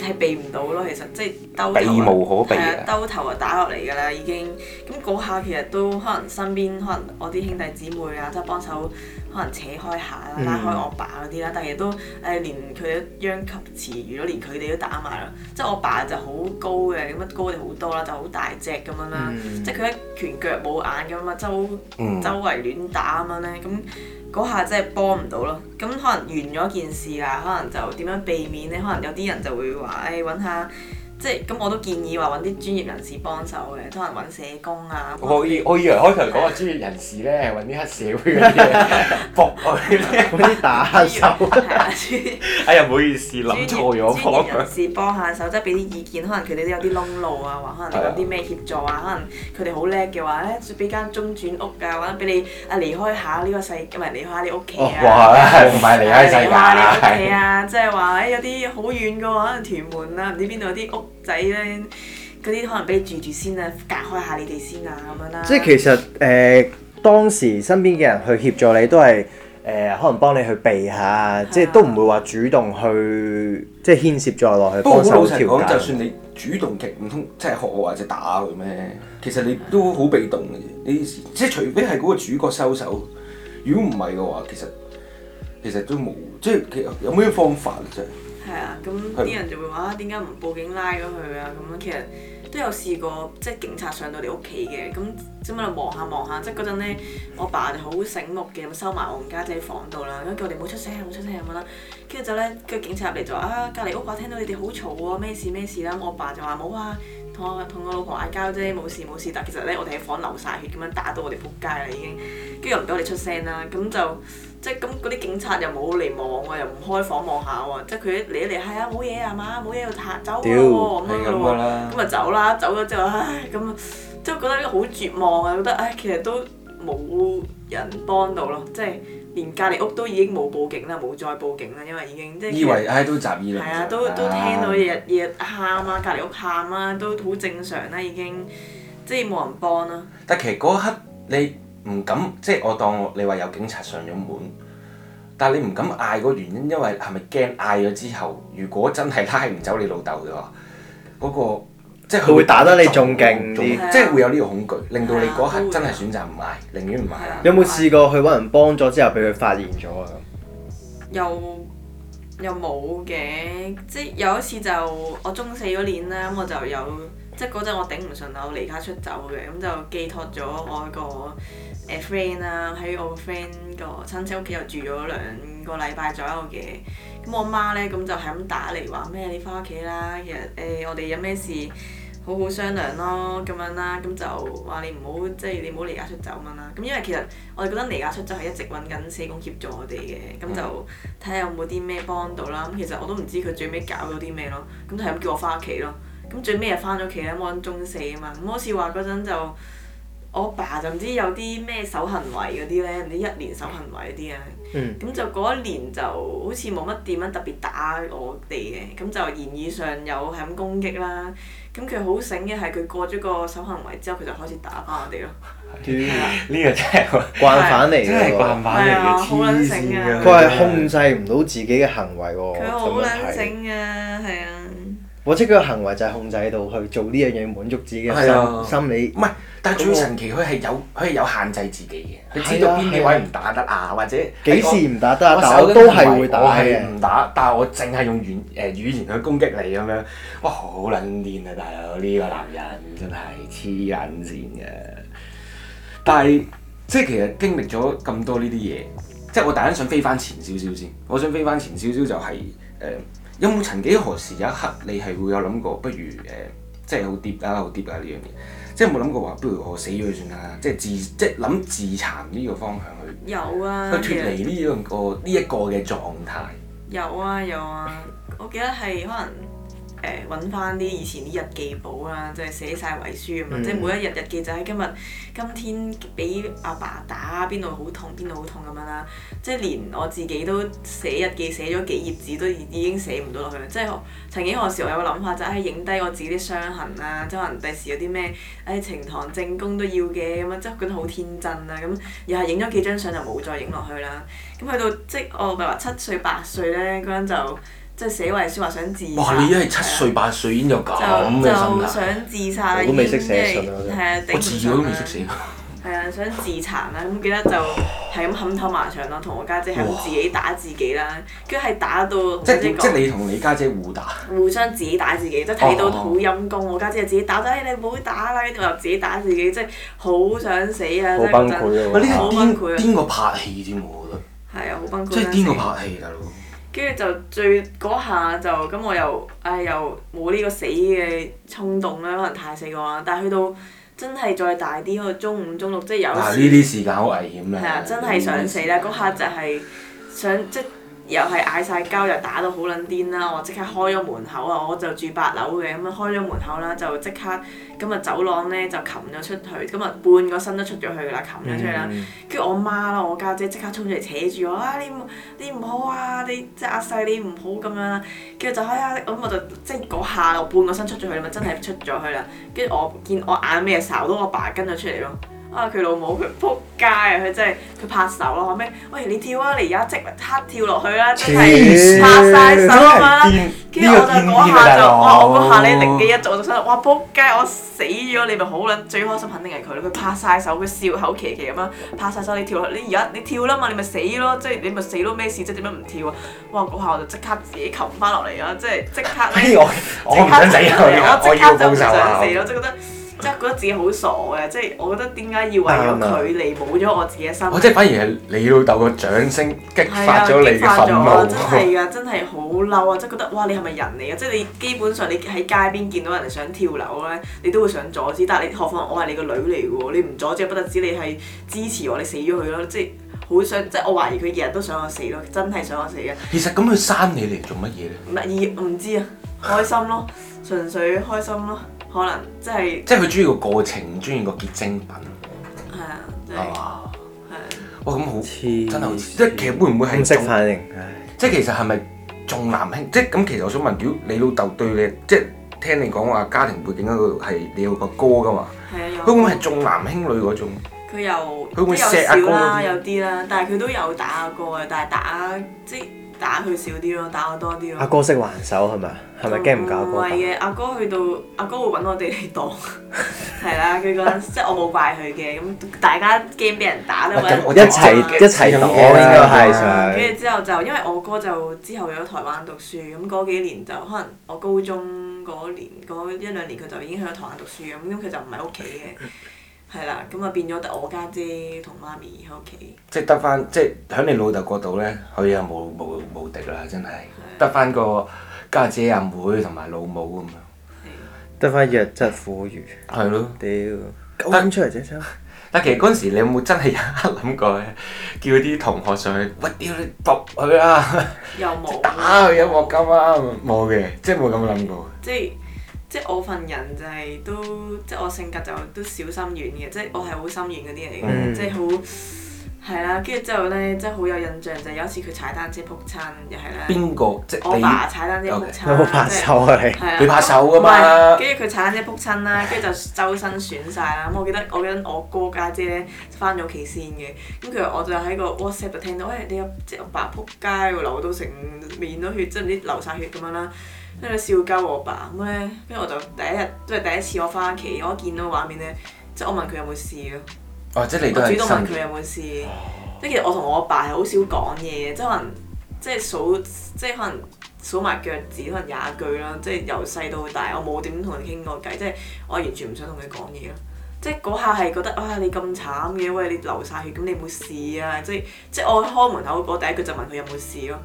係避唔到咯，其實即係兜頭，係啊，兜頭啊，打落嚟㗎啦，已經。咁嗰下其實都可能身邊，可能我啲兄弟姊妹啊，即係幫手，可能扯開下、啦，拉開我爸嗰啲啦。但係亦都誒連佢哋殃及池魚，連佢哋都打埋啦。即係我爸就好高嘅，咁啊高定好多啦，就好大隻咁樣啦。嗯、即係佢一拳腳冇眼咁啊，周、嗯、周圍亂打咁樣咧，咁。嗰下真係幫唔到咯，咁、嗯、可能完咗件事啊，可能就點樣避免咧？可能有啲人就會話：唉、哎，揾下。即係咁，我都建議話揾啲專業人士幫手嘅，可能揾社工啊。我以我以為可以開頭講嘅專業人士咧，揾啲黑社會啲嘢，搏佢，揾啲打手。哎呀，唔好意思，諗錯咗講。專業人士幫下手，即係俾啲意見，可能佢哋都有啲窿路啊，話可能有啲咩協助啊，可能佢哋好叻嘅話咧，俾間中轉屋啊，或者俾你啊離開下呢個世，唔係離開下你屋企啊。話啦，唔係離開世界。係啊，即係話誒有啲好遠嘅喎，可能屯門啊，唔知邊度有啲屋。仔咧，嗰啲可能俾你住住先啊，隔開下你哋先啊，咁樣啦。即係其實誒、呃，當時身邊嘅人去協助你都係誒、呃，可能幫你去避下，的即係都唔會話主動去即係牽涉在落去幫手調解。不過好忙老實講，就算你主動極唔通，即係學我或者打佢咩？其實你都好被動嘅啫。你即係除非係嗰個主角收手，如果唔係嘅話，其實其實都冇，即係其實有咩方法咧？真係。係啊，咁啲人就會話啊，點解唔報警拉咗佢啊？咁樣其實都有試過，即係警察上到你屋企嘅，咁只咪望下望下，即係嗰陣咧，我爸就好醒目嘅，收埋我家姐，姐房度啦，咁叫我哋唔好出聲，唔好出聲咁樣啦。跟住就咧，跟警察入嚟就話啊，隔離屋啊，聽到你哋好嘈喎，咩事咩事啦。我爸就話冇啊，同我同我老婆嗌交啫，冇事冇事。但其實咧，我哋喺房流晒血咁樣打，打到我哋仆街啦已經，跟住又唔俾我哋出聲啦，咁就。即咁嗰啲警察又冇嚟望，又唔開房望下喎，即係佢嚟一嚟係啊，冇嘢啊嘛，冇嘢要走咯咁樣咯喎，咁咪走啦，走咗之後唉，咁，啊，即係覺得呢個好絕望啊，覺得唉其實都冇人幫到咯，即係連隔離屋都已經冇報警啦，冇再報警啦，因為已經即係以為唉都集於係啊，都都聽到日日喊啊，隔離屋喊啊，都好正常啦，已經即係冇人幫啦。但其實嗰一刻你。唔敢，即係我當我你話有警察上咗門，但係你唔敢嗌個原因，因為係咪驚嗌咗之後，如果真係拉唔走你老豆嘅話，嗰、嗰個即係佢會打得你仲勁啲，即係會有呢個恐懼，令到你嗰刻真係選擇唔嗌，啊、寧願唔嗌。啊、有冇試過去揾人幫咗之後被，被佢發現咗啊？又又冇嘅，即係有一次就我中四嗰年咧，咁我就有。即嗰陣我頂唔順我離家出走嘅，咁就寄託咗我個誒 friend 啦，喺我個 friend 個親戚屋企又住咗兩個禮拜左右嘅。咁我媽呢，咁就係咁打嚟話咩？你翻屋企啦，其實誒、呃、我哋有咩事好好商量咯，咁樣啦，咁就話你唔好即係你唔好離家出走咁樣啦。咁因為其實我哋覺得離家出走係一直揾緊社工協助我哋嘅，咁就睇下有冇啲咩幫到啦。咁其實我都唔知佢最尾搞咗啲咩咯，咁就係咁叫我翻屋企咯。咁最尾又翻咗屋企啦，安中四啊嘛，咁好似話嗰陣就我爸就唔知有啲咩守行為嗰啲咧，唔知一年守行為嗰啲啊，咁、嗯、就嗰一年就好似冇乜點樣特別打我哋嘅，咁就言語上有係咁攻擊啦。咁佢好醒嘅係佢過咗個守行為之後，佢就開始打翻我哋咯。呢個真係慣犯嚟嘅。㗎。係啊，好撚醒啊！佢係控制唔到自己嘅行為喎。佢好撚醒啊！係啊。我即係個行為就係控制到去做呢樣嘢，滿足自己嘅心心理。唔係，但係最神奇佢係有佢係有限制自己嘅。佢知道邊幾位唔打得啊，或者幾時唔打得啊？但我都係會打嘅。我係唔打，但係我淨係用語誒語言去攻擊你咁樣。哇！好撚癲啊！大佬！呢個男人真係黐撚線嘅。但係即係其實經歷咗咁多呢啲嘢，即係我第一想飛返前少少先。我想飛返前少少就係誒。有冇曾幾何時有一刻你係會有諗過，不如誒、呃，即係好跌啊，好跌啊呢樣嘢，即係有冇諗過話，不如我死咗佢算啦，即係自即係諗自殘呢個方向去？有啊，去脱離呢、這、樣個呢一的個嘅狀態。有啊有啊，我記得係可能。誒揾返啲以前啲日記簿啊，即、就、係、是、寫晒遺書咁啊，嗯、即係每一日日記就喺今日，今天俾阿爸，爸打邊度好痛，邊度好痛咁樣啦。即係連我自己都寫日記寫咗幾頁紙都已經寫唔到落去。即係曾經何時我有個諗法就係影低我自己啲傷痕啊，可能第時有啲咩誒呈堂證供都要嘅咁樣，即係覺得好天真啦、啊。咁、嗯、又係影咗幾張相就冇再影落去啦。咁、嗯、去到即係我咪話七歲八歲咧嗰陣就。即係寫遺書話想自殺，哇！你一係七歲八歲已經有咁嘅心態想自殺，我都未識寫信啊！我自殺都未識寫。係啊，想自殘啦，咁記得就係咁冚頭埋牆咯，同我家姐係自己打自己啦，跟住係打到。即即你同你家姐互打？互相自己打自己，即係睇到好陰功。我家姐自己打，打起你唔好打啦，跟住話自己打自己，即係好想死啊！好崩潰咯，好崩潰啊！邊個拍戲添？我覺得係啊，好崩潰。即係邊個拍戲，大佬？跟住就最嗰下就咁我又唉、哎、又冇呢個死嘅衝動啦，可能太細個啦。但係去到真係再大啲，去、那個、中五中六，即係有。嗱呢啲事件好危險啊，啊對啊真係想死啦！嗰、啊、下就係想即。又係嗌晒交，又打到好撚癲啦！我即刻開咗門口啊！我就住八樓嘅，咁樣開咗門口啦，就即刻咁啊走廊咧就冚咗出去，咁啊半個身都出咗去㗎喇，冚咗出去啦。跟住、嗯、我媽咯，我家姐即刻衝出嚟扯住我啊，你「你唔你唔好啊！你即係阿細你唔好咁、啊啊啊、樣啦。跟住就哎呀」啊，咁我就即嗰下我半個身出咗去，咪真係出咗去啦。跟住我見我眼咩曬，我都我爸跟咗出嚟咯。啊！佢老母佢仆街啊！佢真係佢拍手咯，我咩喂你跳啊！你而家即刻跳落去啦！真係拍晒手啊嘛！跟住我就嗰下就哇、哦！我下咧零幾一早。我就想諗哇！仆街我死咗，你咪好撚最開心肯定，係佢啦！佢拍晒手，佢笑口騎騎咁樣拍晒手，你跳啦！你而家你跳啦嘛！你咪死咯！即係你咪死咯，咩事？即係點樣唔跳啊？哇！嗰下我就即刻自己擒翻落嚟啊！即係即刻咧，我我唔想死啊！即覺得。即係覺得自己好傻嘅，即係我覺得點解要為咗佢而冇咗我自己嘅生活？即係反而係你老豆個掌聲激發咗、哎、呀你嘅憤 真係㗎，真係好嬲啊！即係覺得哇，你係咪人嚟嘅？」即係你基本上你喺街邊見到人哋想跳樓咧，你都會想阻止。但係你何況我係你個女嚟嘅喎？你唔阻止不得止你係支持我，你死咗佢咯！即係好想，即係我懷疑佢日日都想我死咯，真係想我死嘅。其實咁佢生你嚟做乜嘢？唔係，唔知啊，開心咯，純粹開心咯。 可能即係，即係佢中意個過程，唔中意個結晶品。係啊，係哇，係。哇，咁好似真係好似，即係其實會唔會係重，即係其實係咪重男輕？即係咁,其實我想問，屌你老豆對你，即係聽你講話家庭背景嗰度係你有個哥噶嘛？係啊，有。佢會唔會係重男輕女嗰種？佢又，佢會錫阿哥多啲。有啲啦，但係佢都有打阿哥嘅，但係打即打佢少啲咯，打我多啲咯。阿哥識還手係咪啊？係咪驚唔搞？唔係嘅，阿哥去到阿哥會揾我哋嚟擋，係啦。佢嗰陣即係我冇怪佢嘅，咁大家驚俾人打都揾人一齊一齊擋咯，應該係。跟住之後就因為我哥就之後去咗台灣讀書，咁嗰幾年就可能我高中嗰年嗰一兩年佢就已經去咗台灣讀書咁，咁佢就唔喺屋企嘅。係啦，咁啊變咗得我家姐同媽咪喺屋企。即係得翻，即係喺你老豆角度咧，佢又無無無敵啦，真係得翻個家姐阿妹同埋老母咁樣。得翻弱質婦孺。係咯。屌，九點出嚟啫，真。但係其實嗰陣時，你有冇真係有刻諗過咧？叫啲同學上去，喂屌你揼佢啦！又冇。打佢一鑊金啊！冇嘅，即係冇咁諗過。即係。即係我份人就係都，即係我性格就都小心軟嘅，即係我係好心軟嗰啲嚟嘅，即係好係啦。跟住之後咧，即係好有印象就有一次佢踩單車仆親，又係啦。邊個即我爸係你？有冇怕手啊佢你怕手噶嘛？跟住佢踩單車仆親啦，跟住就周身損晒啦。咁我記得我跟我哥姐姐呢家姐咧翻咗屋企先嘅。咁佢我就喺個 WhatsApp 度聽到，誒、哎、你有即係我爸仆街，流到成面都血，即係唔知流晒血咁樣啦。因為笑鳩我爸咁咧，跟住我，我就第一日都係第一次我翻屋企，我一見到畫面咧，即係我問佢有冇事咯。哦，即係你係主動問佢有冇事。哦，即係其實我同我阿爸係好少講嘢嘅，即係可能即係數，即係可能數埋腳趾，可能廿句咯。即係由細到大，我冇點同佢傾過偈，即係我完全唔想同佢講嘢咯。即係嗰下係覺得啊，哎，你咁慘嘅，喂，你流晒血，咁你有冇事啊？即係即係我開門口嗰第一句就問佢有冇事咯。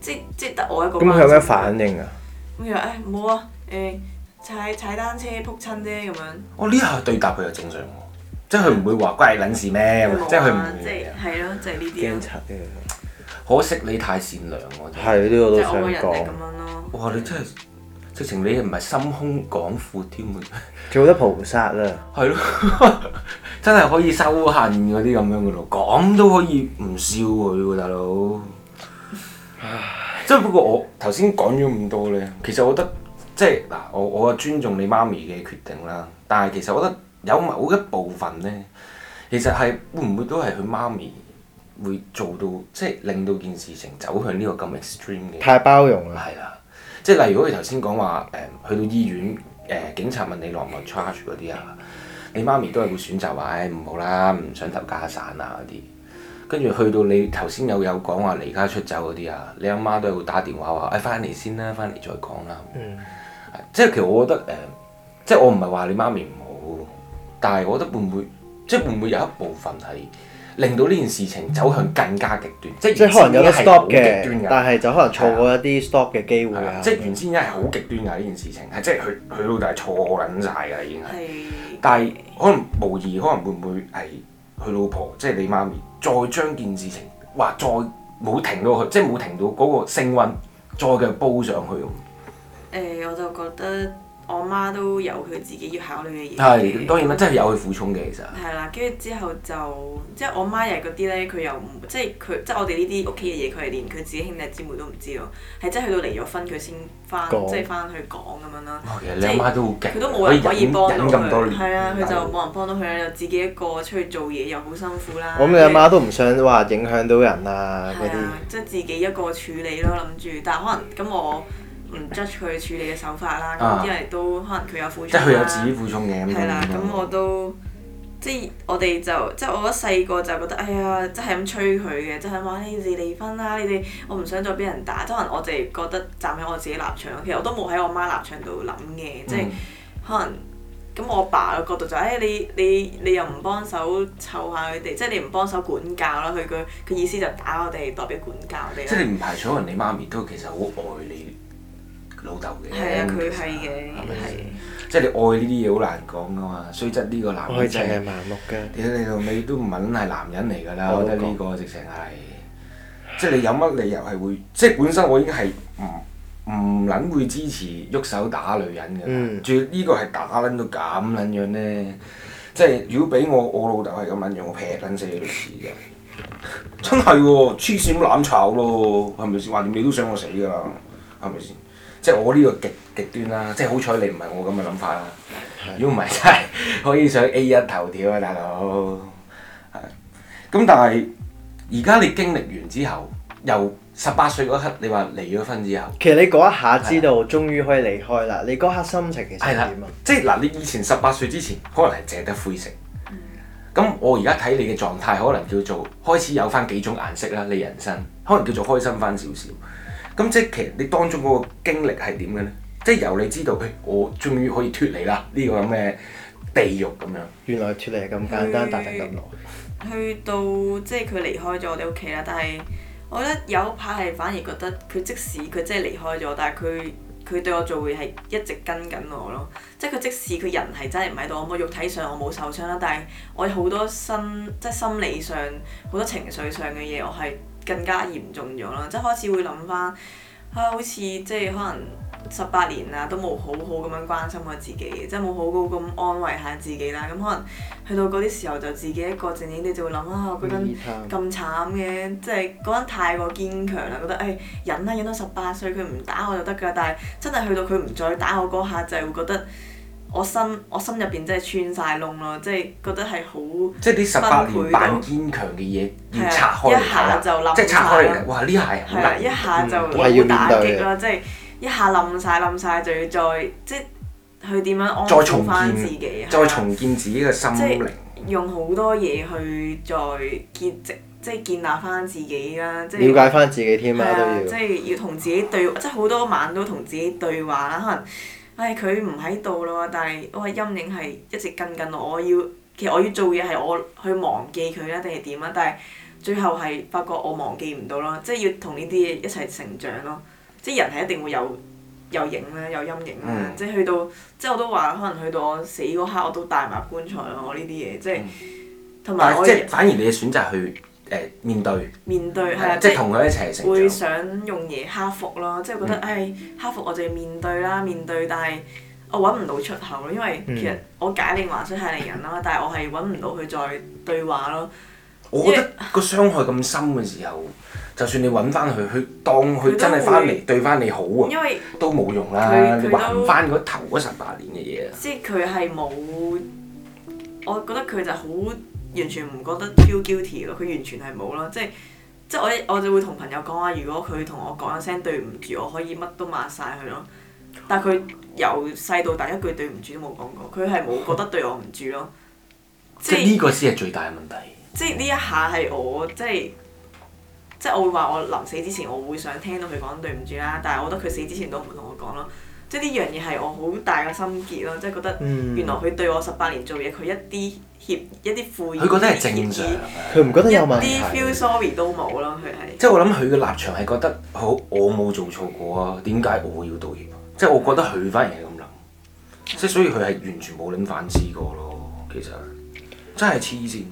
即即得我一個，咁佢有咩反應啊？咁樣，誒冇啊誒、欸、踩踩單車撲親啫咁樣。哦，呢下對答佢又正常喎，即係佢唔會話關撚事咩？即係佢唔會驚親嘅。可惜你太善良喎，係呢、啊呢個都想講。咁樣咯。哇！你真係直情你唔係心胸廣闊添喎，做 得菩薩啦。係咯，真係可以收恨嗰啲咁樣嘅咯，咁都可以唔笑佢、啊、喎，大佬。 即係不過我頭先講咗咁多呢，其實我覺得即係嗱，我我尊重你媽咪嘅決定啦。但係其實我覺得有某一部分呢，其實係會唔會都係佢媽咪會做到，即係令到件事情走向呢個咁 extreme 嘅？太包容啦。係啦、啊，即係例如，如果佢頭先講話誒，去到醫院誒、呃，警察問你落唔落 charge 嗰啲啊，你媽咪都係會選擇話誒唔好啦，唔想投家散啊嗰啲。跟住去到你頭先有有講話離家出走嗰啲啊，你阿媽都會打電話話：誒翻嚟先啦，翻嚟再講啦。嗯，即係其實我覺得誒，即係我唔係話你媽咪唔好，但係我覺得會唔會，即係會唔會有一部分係令到呢件事情走向更加極端？即係即係可能有啲 stop 嘅，但係就可能錯過一啲 stop 嘅機會。即係原先一係好極端噶呢件事情，係即係佢佢老豆係錯撚晒噶已經係，但係可能無疑可能會唔會係。佢老婆即係你媽咪，再將件事情話再冇停到佢，即係冇停到嗰個升溫，再繼續煲上去咁。誒、欸，我就覺得。我媽都有佢自己要考慮嘅嘢。係，當然啦，真係有佢苦衷嘅其實。係啦，跟住之後就即係我媽又係嗰啲咧，佢又唔即係佢即係我哋呢啲屋企嘅嘢，佢係連佢自己兄弟姊妹都唔知咯，係真係去到離咗婚佢先翻即係翻去講咁樣啦。你媽都好勁，佢都冇人可以幫到佢。係啊，佢就冇人幫到佢啦，就自己一個出去做嘢又好辛苦啦。咁你阿媽都唔想話影響到人啊嗰啲。係啊，即係自己一個處理咯，諗住，但係可能咁我。唔 judge 佢處理嘅手法啦，咁啲人都可能佢有負重啦，係啦、啊，咁我都即係我哋就即係我覺得細個就覺得哎呀，即係咁催佢嘅，即係話你哋離婚啦、啊，你哋我唔想再俾人打，即可能我哋覺得站喺我自己立場，其實我都冇喺我媽立場度諗嘅，即係、嗯、可能咁我阿爸嘅角度就誒、哎、你你你又唔幫手湊下佢哋，即係你唔幫手管教啦。佢個佢意思就打我哋代表管教我哋。即係你唔排除可能你媽咪都其實好愛你。嗯。老豆嘅，係啊的，佢係嘅，係。的的即係你愛呢啲嘢好難講噶嘛，所雖則呢個男仔，愛就係盲目，屌你老味都唔撚係男人嚟㗎啦，好好，我覺得呢個直情係。即係你有乜理由係會？即係本身我已經係唔唔撚會支持喐手打女人㗎。嗯。最呢個係打撚到咁撚樣呢，即係如果俾我，我老豆係咁撚樣，我劈撚死佢都似㗎。真係喎、哦，黐線都攬炒咯，係咪先？橫掂你都想我死㗎啦，係咪先？即係我呢個極極端啦、啊，即係好彩你唔係我咁嘅諗法啦、啊。如果唔係，真係可以上 A1 頭條啊，大佬。係。咁但係而家你經歷完之後，由十八歲嗰刻，你話離咗婚之後，其實你嗰一下知道的，終於可以離開啦。你嗰刻心情其實係點啊？即係嗱，你以前十八歲之前，可能係淨得灰色。嗯。咁我而家睇你嘅狀態，可能叫做開始有返幾種顏色啦。你人生可能叫做開心返少少。咁即係其實你當中嗰個經歷係點嘅咧？即係由你知道，誒、哎，我終於可以脫離啦！呢個咩地獄咁樣？原來脫離係咁簡單，但係咁耐。去到即係佢離開咗我哋屋企啦，但係我覺得有排係反而覺得佢即使佢即係離開咗，但係佢佢對我做嘅係一直跟緊我咯。即係佢即使佢人係真係唔喺度，我肉體上我冇受傷啦，但係我有好多心即係心理上好多情緒上嘅嘢，我係。更加嚴重咗咯，即係開始會諗返啊，好似即係可能十八年啊，都冇好好咁樣關心我自己，即係冇好好咁安慰下自己啦。咁、嗯、可能去到嗰啲時候，就自己一個靜靜地就會諗啊，我嗰陣咁慘嘅，即係嗰陣太過堅強啦，覺得誒、哎、忍啦、啊啊，忍到十八歲佢唔打我就得㗎。但係真係去到佢唔再打我嗰下，就係、是、會覺得。我心我心入邊真係穿晒窿咯，即係覺得係好，即係啲十八年扮堅強嘅嘢要拆開下啦。即係拆開哇！呢下好難，一下就好、啊、打擊啦，即係一下冧晒，冧晒就要再即係去點樣安？再重，啊、再重建自己，再重建自己嘅心靈，即用好多嘢去再結即係建立翻自己啦。即了解翻自己添啊，要即係要同自己對， 即係好多晚都同自己對話啦，可能。唉，佢唔喺度咯，但係嗰個陰影係一直跟緊我。我要其實我要做嘢係我去忘記佢啊，定係點啊？但係最後係發覺我忘記唔到咯，即係要同呢啲嘢一齊成長咯。即係人係一定會有有影啦，有陰影啦，嗯。即係去到即係我都話，可能去到我死嗰刻，我都帶埋棺材咯。我呢啲嘢即係同埋即係反而你嘅選擇去。.誒，面對，面對係啊，即係同佢一齊成長。會想用嘢克服咯，即係覺得唉，克服我就要面對啦，面對，但係我揾唔到出口咯，因為、嗯、其實我解鈴還須繫鈴人啦， 但係我係揾唔到佢再對話咯。我覺得個傷害咁深嘅時候，就算你揾翻佢，佢當佢真係翻嚟對翻你好，因為都冇用啦。你還唔翻嗰頭嗰十八年嘅嘢啊！即係佢係冇，我覺得佢就好。完全唔覺得 feel guilty 咯，佢完全係冇咯，即係即係我我就會同朋友講話，如果佢同我講一聲對唔住，我可以乜都抹晒佢咯。但係佢由細到大一句對唔住都冇講過，佢係冇覺得對我唔住咯。 即係呢個先係最大嘅問題。即係呢 一下係我即係即係我會話我臨死之前我會想聽到佢講對唔住啦，但係我覺得佢死之前都唔同我講咯。即係呢樣嘢係我好大嘅心結咯，即係覺得原來佢對我十八年做嘢，佢一啲歉一啲歉意，佢覺得係正常，佢唔意覺得有問題，啲 feel sorry 對 都冇咯。佢係即係我諗佢嘅立場係覺得好，對 我冇做錯過啊，點解我要道歉？對 即係我覺得佢反而係咁諗，即係對 所以佢係完全冇諗反思過咯。其實真係黐線，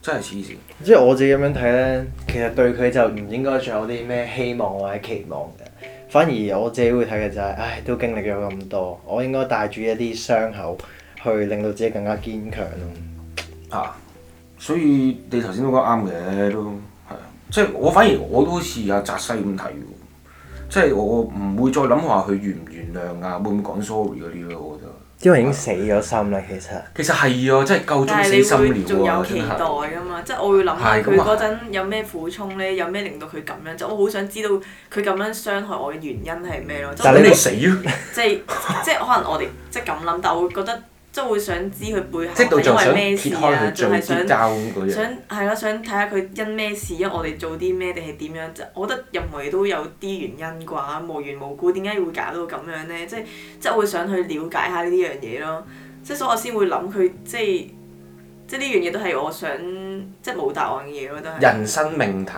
真係黐線。即係我自己咁樣睇咧，其實對佢就唔應該仲有啲咩希望或者期望。反而我自己會睇嘅就係、是，唉，都經歷咗咁多，我應該帶住一啲傷口去令到自己更加堅強咯。啊，所以你頭先都講啱嘅都係，即係我反而我都好似阿澤西咁睇，即係我唔會再諗話佢原唔原諒啊，會唔會講 sorry 嗰啲咯，我覺得。因為已經死咗心啦，其實其實係喎、啊，真係夠死心了喎，仲有期待㗎嘛，即係我會諗下佢嗰陣有咩苦衷咧，有咩令到佢咁樣，就、我好想知道佢咁樣傷害我嘅原因係咩咯？但係你哋死，即係即係可能我哋即係咁諗，但係我會覺得。即會想知佢背後係到因為咩事啊就是？仲係想想係咯，想睇下佢因咩事，因為我哋做啲咩定係點樣？即我覺得任何嘢都有啲原因啩，無緣無故點解會搞到咁樣咧？即、就、即、是就是、會想去了解下呢樣嘢咯。即所以我先會諗佢，即即呢樣嘢都係我想，即冇答案嘅嘢咯，我都係。人生命題，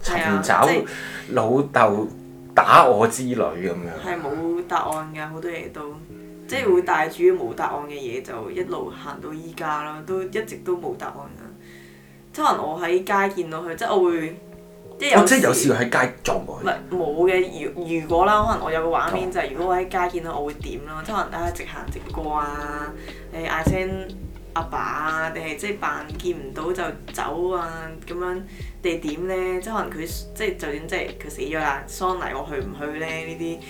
尋找 呀、就是、老豆打我之類咁樣。係冇答案㗎，好多嘢都。即係會帶住冇答案嘅嘢，就一路行到依家啦，都一直都冇答案啊！即可能我喺街見到佢，即係我會，即有時。我、哦、即喺街撞過去。唔係冇嘅，如果如果啦，可能我有個畫面、哦、就係，如果我喺街見到我，我會點啦？即可能唉，直行直過啊！誒嗌 s 阿爸啊，定係即係扮見唔到就走啊咁樣？定係點咧？即可能佢即係就算即係佢死咗啦，桑禮我去唔去咧？呢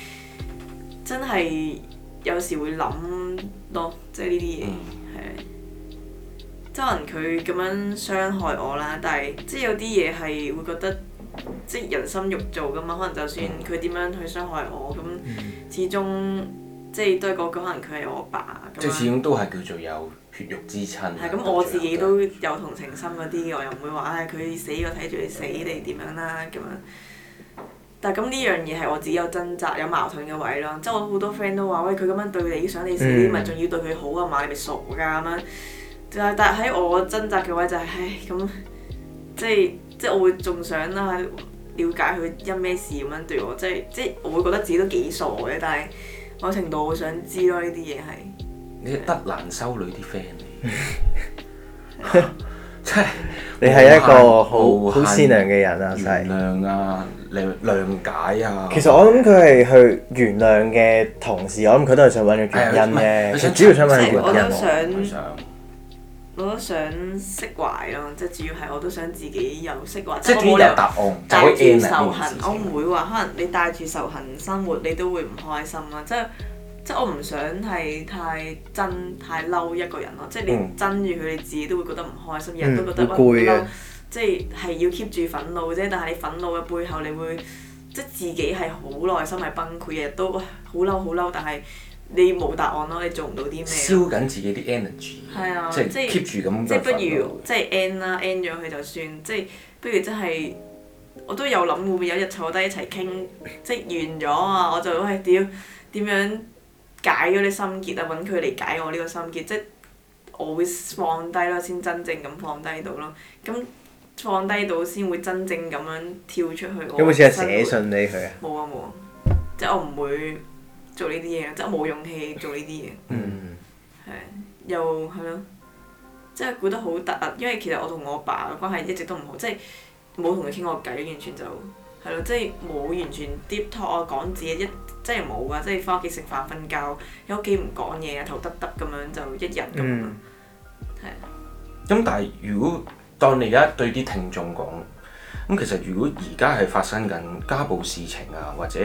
啲真係～有時會諗咯，no, 即係呢啲嘢，係即可能佢咁樣傷害我啦，但係即係有啲嘢係會覺得，即係人心肉做㗎嘛，可能就算佢點樣去傷害我，咁始終、mm. 即係都係講、嗰個、可能佢係我爸咁始終都係叫做有血肉之親。係咁，我自己都有同情心嗰啲我又唔會話唉，佢死我睇住佢死你點樣啦、啊、咁樣。但咁呢樣嘢係我自己有掙扎有矛盾嘅位咯，即係我好多 friend 都話：喂，佢咁樣對你，想你死，咪仲、嗯、要對佢好啊嘛，你咪傻㗎咁樣。就係但係喺我掙扎嘅位就係、是，唉，咁即係即係我會仲想啦，了解佢因咩事咁樣對我，即係即係我會覺得自己都幾傻嘅，但係某程度我想知咯呢啲嘢係。你得難收女啲 friend。 你係一個好好善良嘅人啊，就係。啊，諒諒解啊。其實我諗佢係去原諒嘅同時，我諗佢都係想揾個原因嘅。其實主要想揾個原因。我都想，我都想釋懷咯。即係主要係我都想自己又釋懷。即係呢個答案，帶住仇恨，我唔會話可能你帶住仇恨生活，你都會唔開心啦。即係。即係我唔想係太憎太嬲一個人咯，即係你憎住佢你自己都會覺得唔開心，嗯、日日都覺得攰嘅。即係係要 keep 住憤怒啫，但係你憤怒嘅背後，你會即係自己係好內心係崩潰嘅，日日都好嬲好嬲，但係你冇答案咯，你做唔到啲咩？燒緊自己啲 energy，係啊，即係 keep 住咁即不如即係 end 啦，end 咗佢就算，即係不如真係我都有諗會唔會有日坐低一齊傾，即係完咗啊，我就喂點點樣？解咗啲心結啊，揾佢嚟解我呢個心結，即係我會放低咯，先真正咁放低到咯，咁放低到先會真正咁樣跳出去我。有冇試寫信俾佢啊？冇啊冇啊，即係我唔會做呢啲嘢，即我冇勇氣做呢啲嘢。嗯，嗯。係，又係咯，即係覺得好突。啊！因為其實我同我爸嘅關係一直都唔好，即係冇同佢傾過偈，完全就。係咯，即係冇完全啲託啊，講字一即係冇㗎，即係翻屋企食飯瞓覺，喺屋企唔講嘢啊，頭耷耷咁樣就一日咁。係。咁但係如果當你而家對啲聽眾講，咁其實如果而家係發生緊家暴事情啊，或者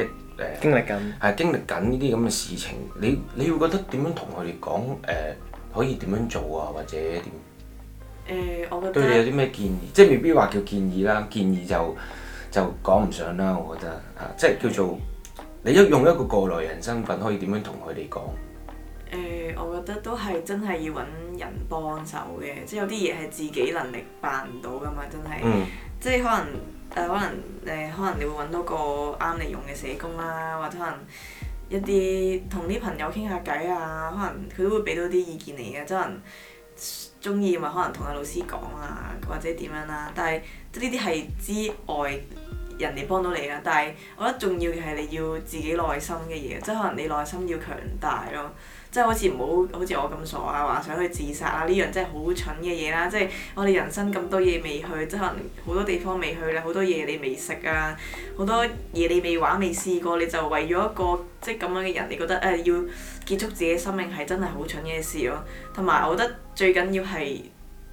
誒經歷緊係、嗯、經歷緊呢啲咁嘅事情，你你會覺得點樣同佢哋講？誒、呃、可以點樣做啊，或者點？誒、呃，我覺得對你有啲咩建議？即係未必話叫建議啦，建議就。就講唔上啦，嗯、我覺得即係叫做你一用一個過來人身份，可以點樣同佢哋講？誒，我覺得都係真係要揾人幫手嘅，即、就、係、是、有啲嘢係自己能力辦唔到㗎嘛，真係。嗯、即係可能誒、呃，可能誒、呃，可能你會揾到個啱你用嘅社工啦、啊，或者可能一啲同啲朋友傾下偈啊，可能佢都會俾到啲意見你嘅，可能鍾意咪可能同阿老師講啊，或者點樣啦、啊。但係即係呢啲係之外。人哋幫到你啦，但係我覺得重要嘅係你要自己內心嘅嘢，即係可能你內心要強大咯，即係好似唔好好似我咁傻啊，話想去自殺啊呢樣真係好蠢嘅嘢啦，即係我哋人生咁多嘢未去，即係可能好多地方未去啦，好多嘢你未食啊，好多嘢你未玩未試過，你就為咗一個即係咁樣嘅人，你覺得誒要結束自己生命係真係好蠢嘅事咯，同埋我覺得最緊要係。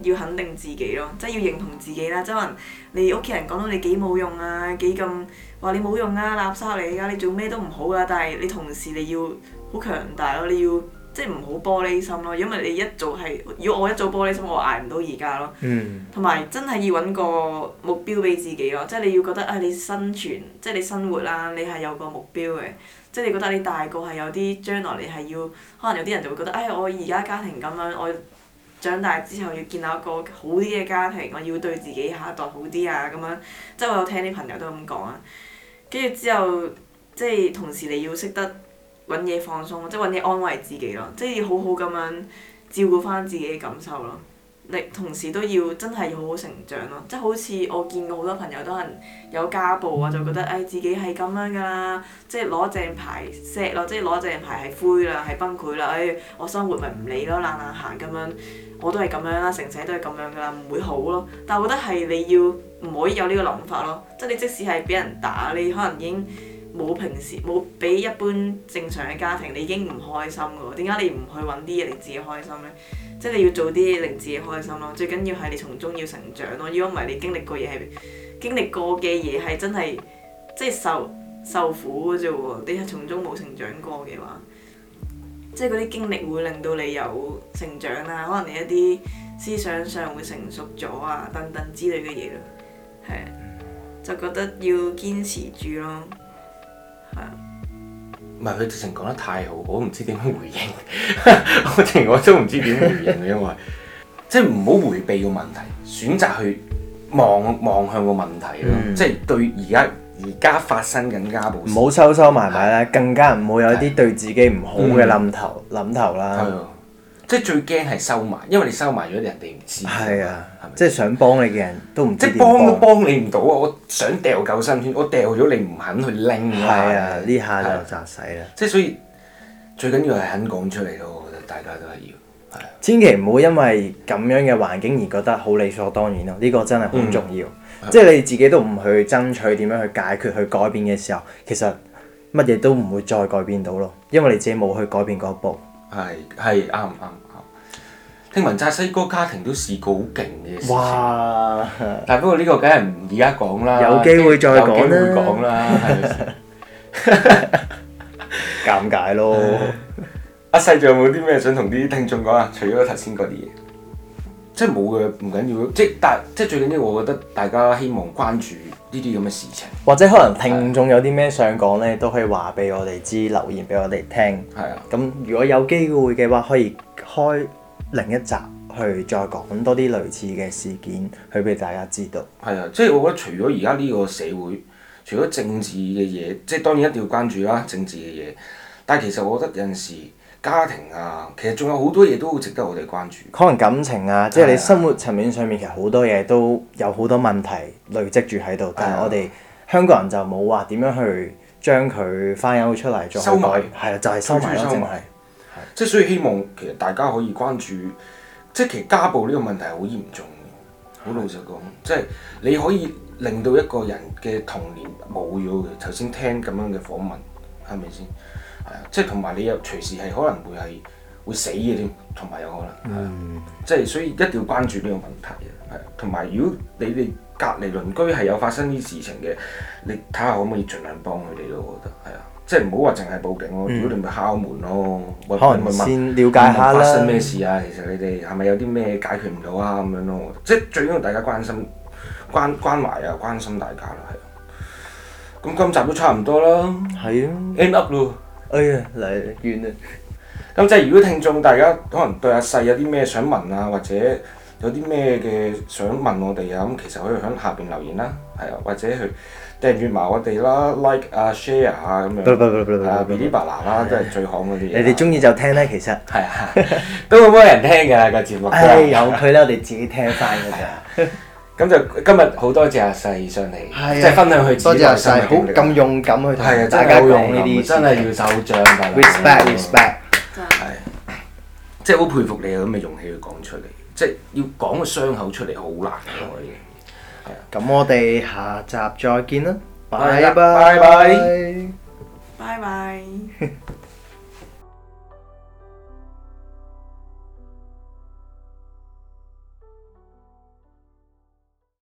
要肯定自己咯，即係要認同自己啦。即係可能你屋企人講到你幾冇用啊，幾咁話你冇用啊，垃圾嚟噶，你做咩都唔好噶，啊。但係你同時你要好強大咯，你要即係唔好玻璃心咯。因為你一早係，如果我一早玻璃心，我捱唔到而家咯。同埋、嗯、真係要揾個目標俾自己咯，即係你要覺得啊，哎，你生存，即係你生活啦，你係有個目標嘅。即係你覺得你大個係有啲將來你係要，可能有啲人就會覺得，唉，哎，我而家家庭咁樣，我。長大之後要建立一個好啲嘅家庭，我要對自己下一代好啲啊！咁樣即係我有聽啲朋友都咁講啊。跟住之後即係同時你要識得揾嘢放鬆，即係揾嘢安慰自己咯，即係要好好咁樣照顧翻自己嘅感受咯。你同時都要真係要好好成長咯，即係好似我見過好多朋友都係有家暴啊，就覺得唉、哎，自己係咁樣噶啦，即係攞正牌 sad 咯，即係攞正牌係灰啦，係崩潰啦，唉、哎，我生活咪唔理咯，懶懶閒咁樣，我都係咁樣啦，成世都係咁樣噶啦，唔會好咯。但係我覺得係你要唔可以有呢個諗法咯，即係你即使係俾人打，你可能已經冇平時冇俾一般正常嘅家庭，你已經唔開心噶喎。點解你唔去揾啲嘢令自己開心呢？即係你要做啲令自己開心咯，最緊要係你從中要成長咯。如果唔係，你經歷過嘢係經歷過嘅嘢係真係即係受受苦嘅啫喎。你係從中冇成長過嘅話，即係嗰啲經歷會令到你有成長啊，可能你一啲思想上會成熟咗啊，等等之類嘅嘢咯，係就覺得要堅持住咯，係。唔係，佢直情講得太好，我都唔知點樣回應。 我直情我都唔知點樣回應，因為 即係唔好回避個問題，選擇去望望向個問題咯。嗯、即係對而家而家發生緊家暴，唔好收收埋埋啦，的更加唔好有啲對自己唔好嘅諗是的 頭諗頭啦。即係最驚係收埋，因為你收埋咗，人哋唔知啊係，係即係想幫你嘅人都唔知即係幫都幫，幫你唔到啊！我想掉救生圈，我掉咗你唔肯去拎。係啊，呢下就窒死啦，啊。即係所以最緊要係肯講出嚟咯，我覺得大家都係要。係、啊。千祈唔好因為咁樣嘅環境而覺得好理所當然咯。呢、呢個真係好重要。即係、嗯、你自己都唔去爭取點樣去解決、去改變嘅時候，其實乜嘢都唔會再改變到咯，因為你自己冇去改變嗰一步。係係啱啱啱，聽聞扎西哥家庭都試過好勁嘅事情哇！但係不過呢個梗係唔而家講啦，有機會再講啦。係尷尬咯！阿西仲有冇啲咩想同啲聽眾講啊？除咗頭先嗰啲嘢。即係冇嘅，唔緊要。即係但即係最緊要，我覺得大家希望關注呢啲咁嘅事情。或者可能聽眾有啲咩想講呢，的都可以話俾我哋知，留言俾我哋聽。係啊的。咁如果有機會嘅話，可以開另一集去再講多啲類似嘅事件，去俾大家知道。係啊，即係我覺得除咗而家呢個社會，除咗政治嘅嘢，即係當然一定要關注啦，政治嘅嘢。但係其實我覺得有陣時，家庭啊，其實仲有好多嘢都好值得我哋關注。可能感情啊，即係你生活層面上面，啊、其實好多嘢都有好多問題累積住喺度，啊、但係我哋香港人就冇話點樣去將佢翻翻出嚟再改。係啊迷，就係、是、收埋，即係是所以希望其實大家可以關注，即、就、係、是、其實家暴呢個問題好嚴重，好老實講，即係的你可以令到一個人嘅童年冇咗嘅。頭先聽咁樣嘅訪問，係咪先？即係同埋你又隨時係可能會係會死嘅添，同埋有可能，即係、mm hmm. 所以一定要關注呢個問題。係啊，同埋如果你哋隔離鄰居係有發生啲事情嘅，你睇下可唔可以盡量幫佢哋咯？我覺得係啊，即係唔好話淨係報警咯，mm hmm. 如果你咪敲門咯，可能問先了解下啦。發生咩事啊？其實你哋係咪有啲咩解決唔到啊？咁樣咯，即係最緊要大家關心關關懷啊，關心大家咯，係。咁今集都差唔多啦，係啊，end up 咯。哎呀，嚟完啦！咁即係如果聽眾大家可能對阿細有啲咩想問啊，或者有啲咩嘅想問我哋啊，咁其實可以響下邊留言啦，係啊，或者去訂閱埋我哋啦，like 啊，share、嗯嗯、啊，咁樣啊，Bilibili 啊，都係最好嗰啲。你哋中意就聽咧，其實係啊，都好 多人聽㗎、個節目。誒有佢咧，我哋自己聽翻㗎咋。 咁就今日好多謝阿世上嚟，即係分享佢自己嘅心聲好咁勇敢去，睇，啊！大家講呢啲真係要手掌噶。Respect, respect，係，即係好佩服你有咁嘅勇氣去講出嚟。即係要講個傷口出嚟好難嘅。係啊，咁我哋下集再見啦，拜拜拜拜。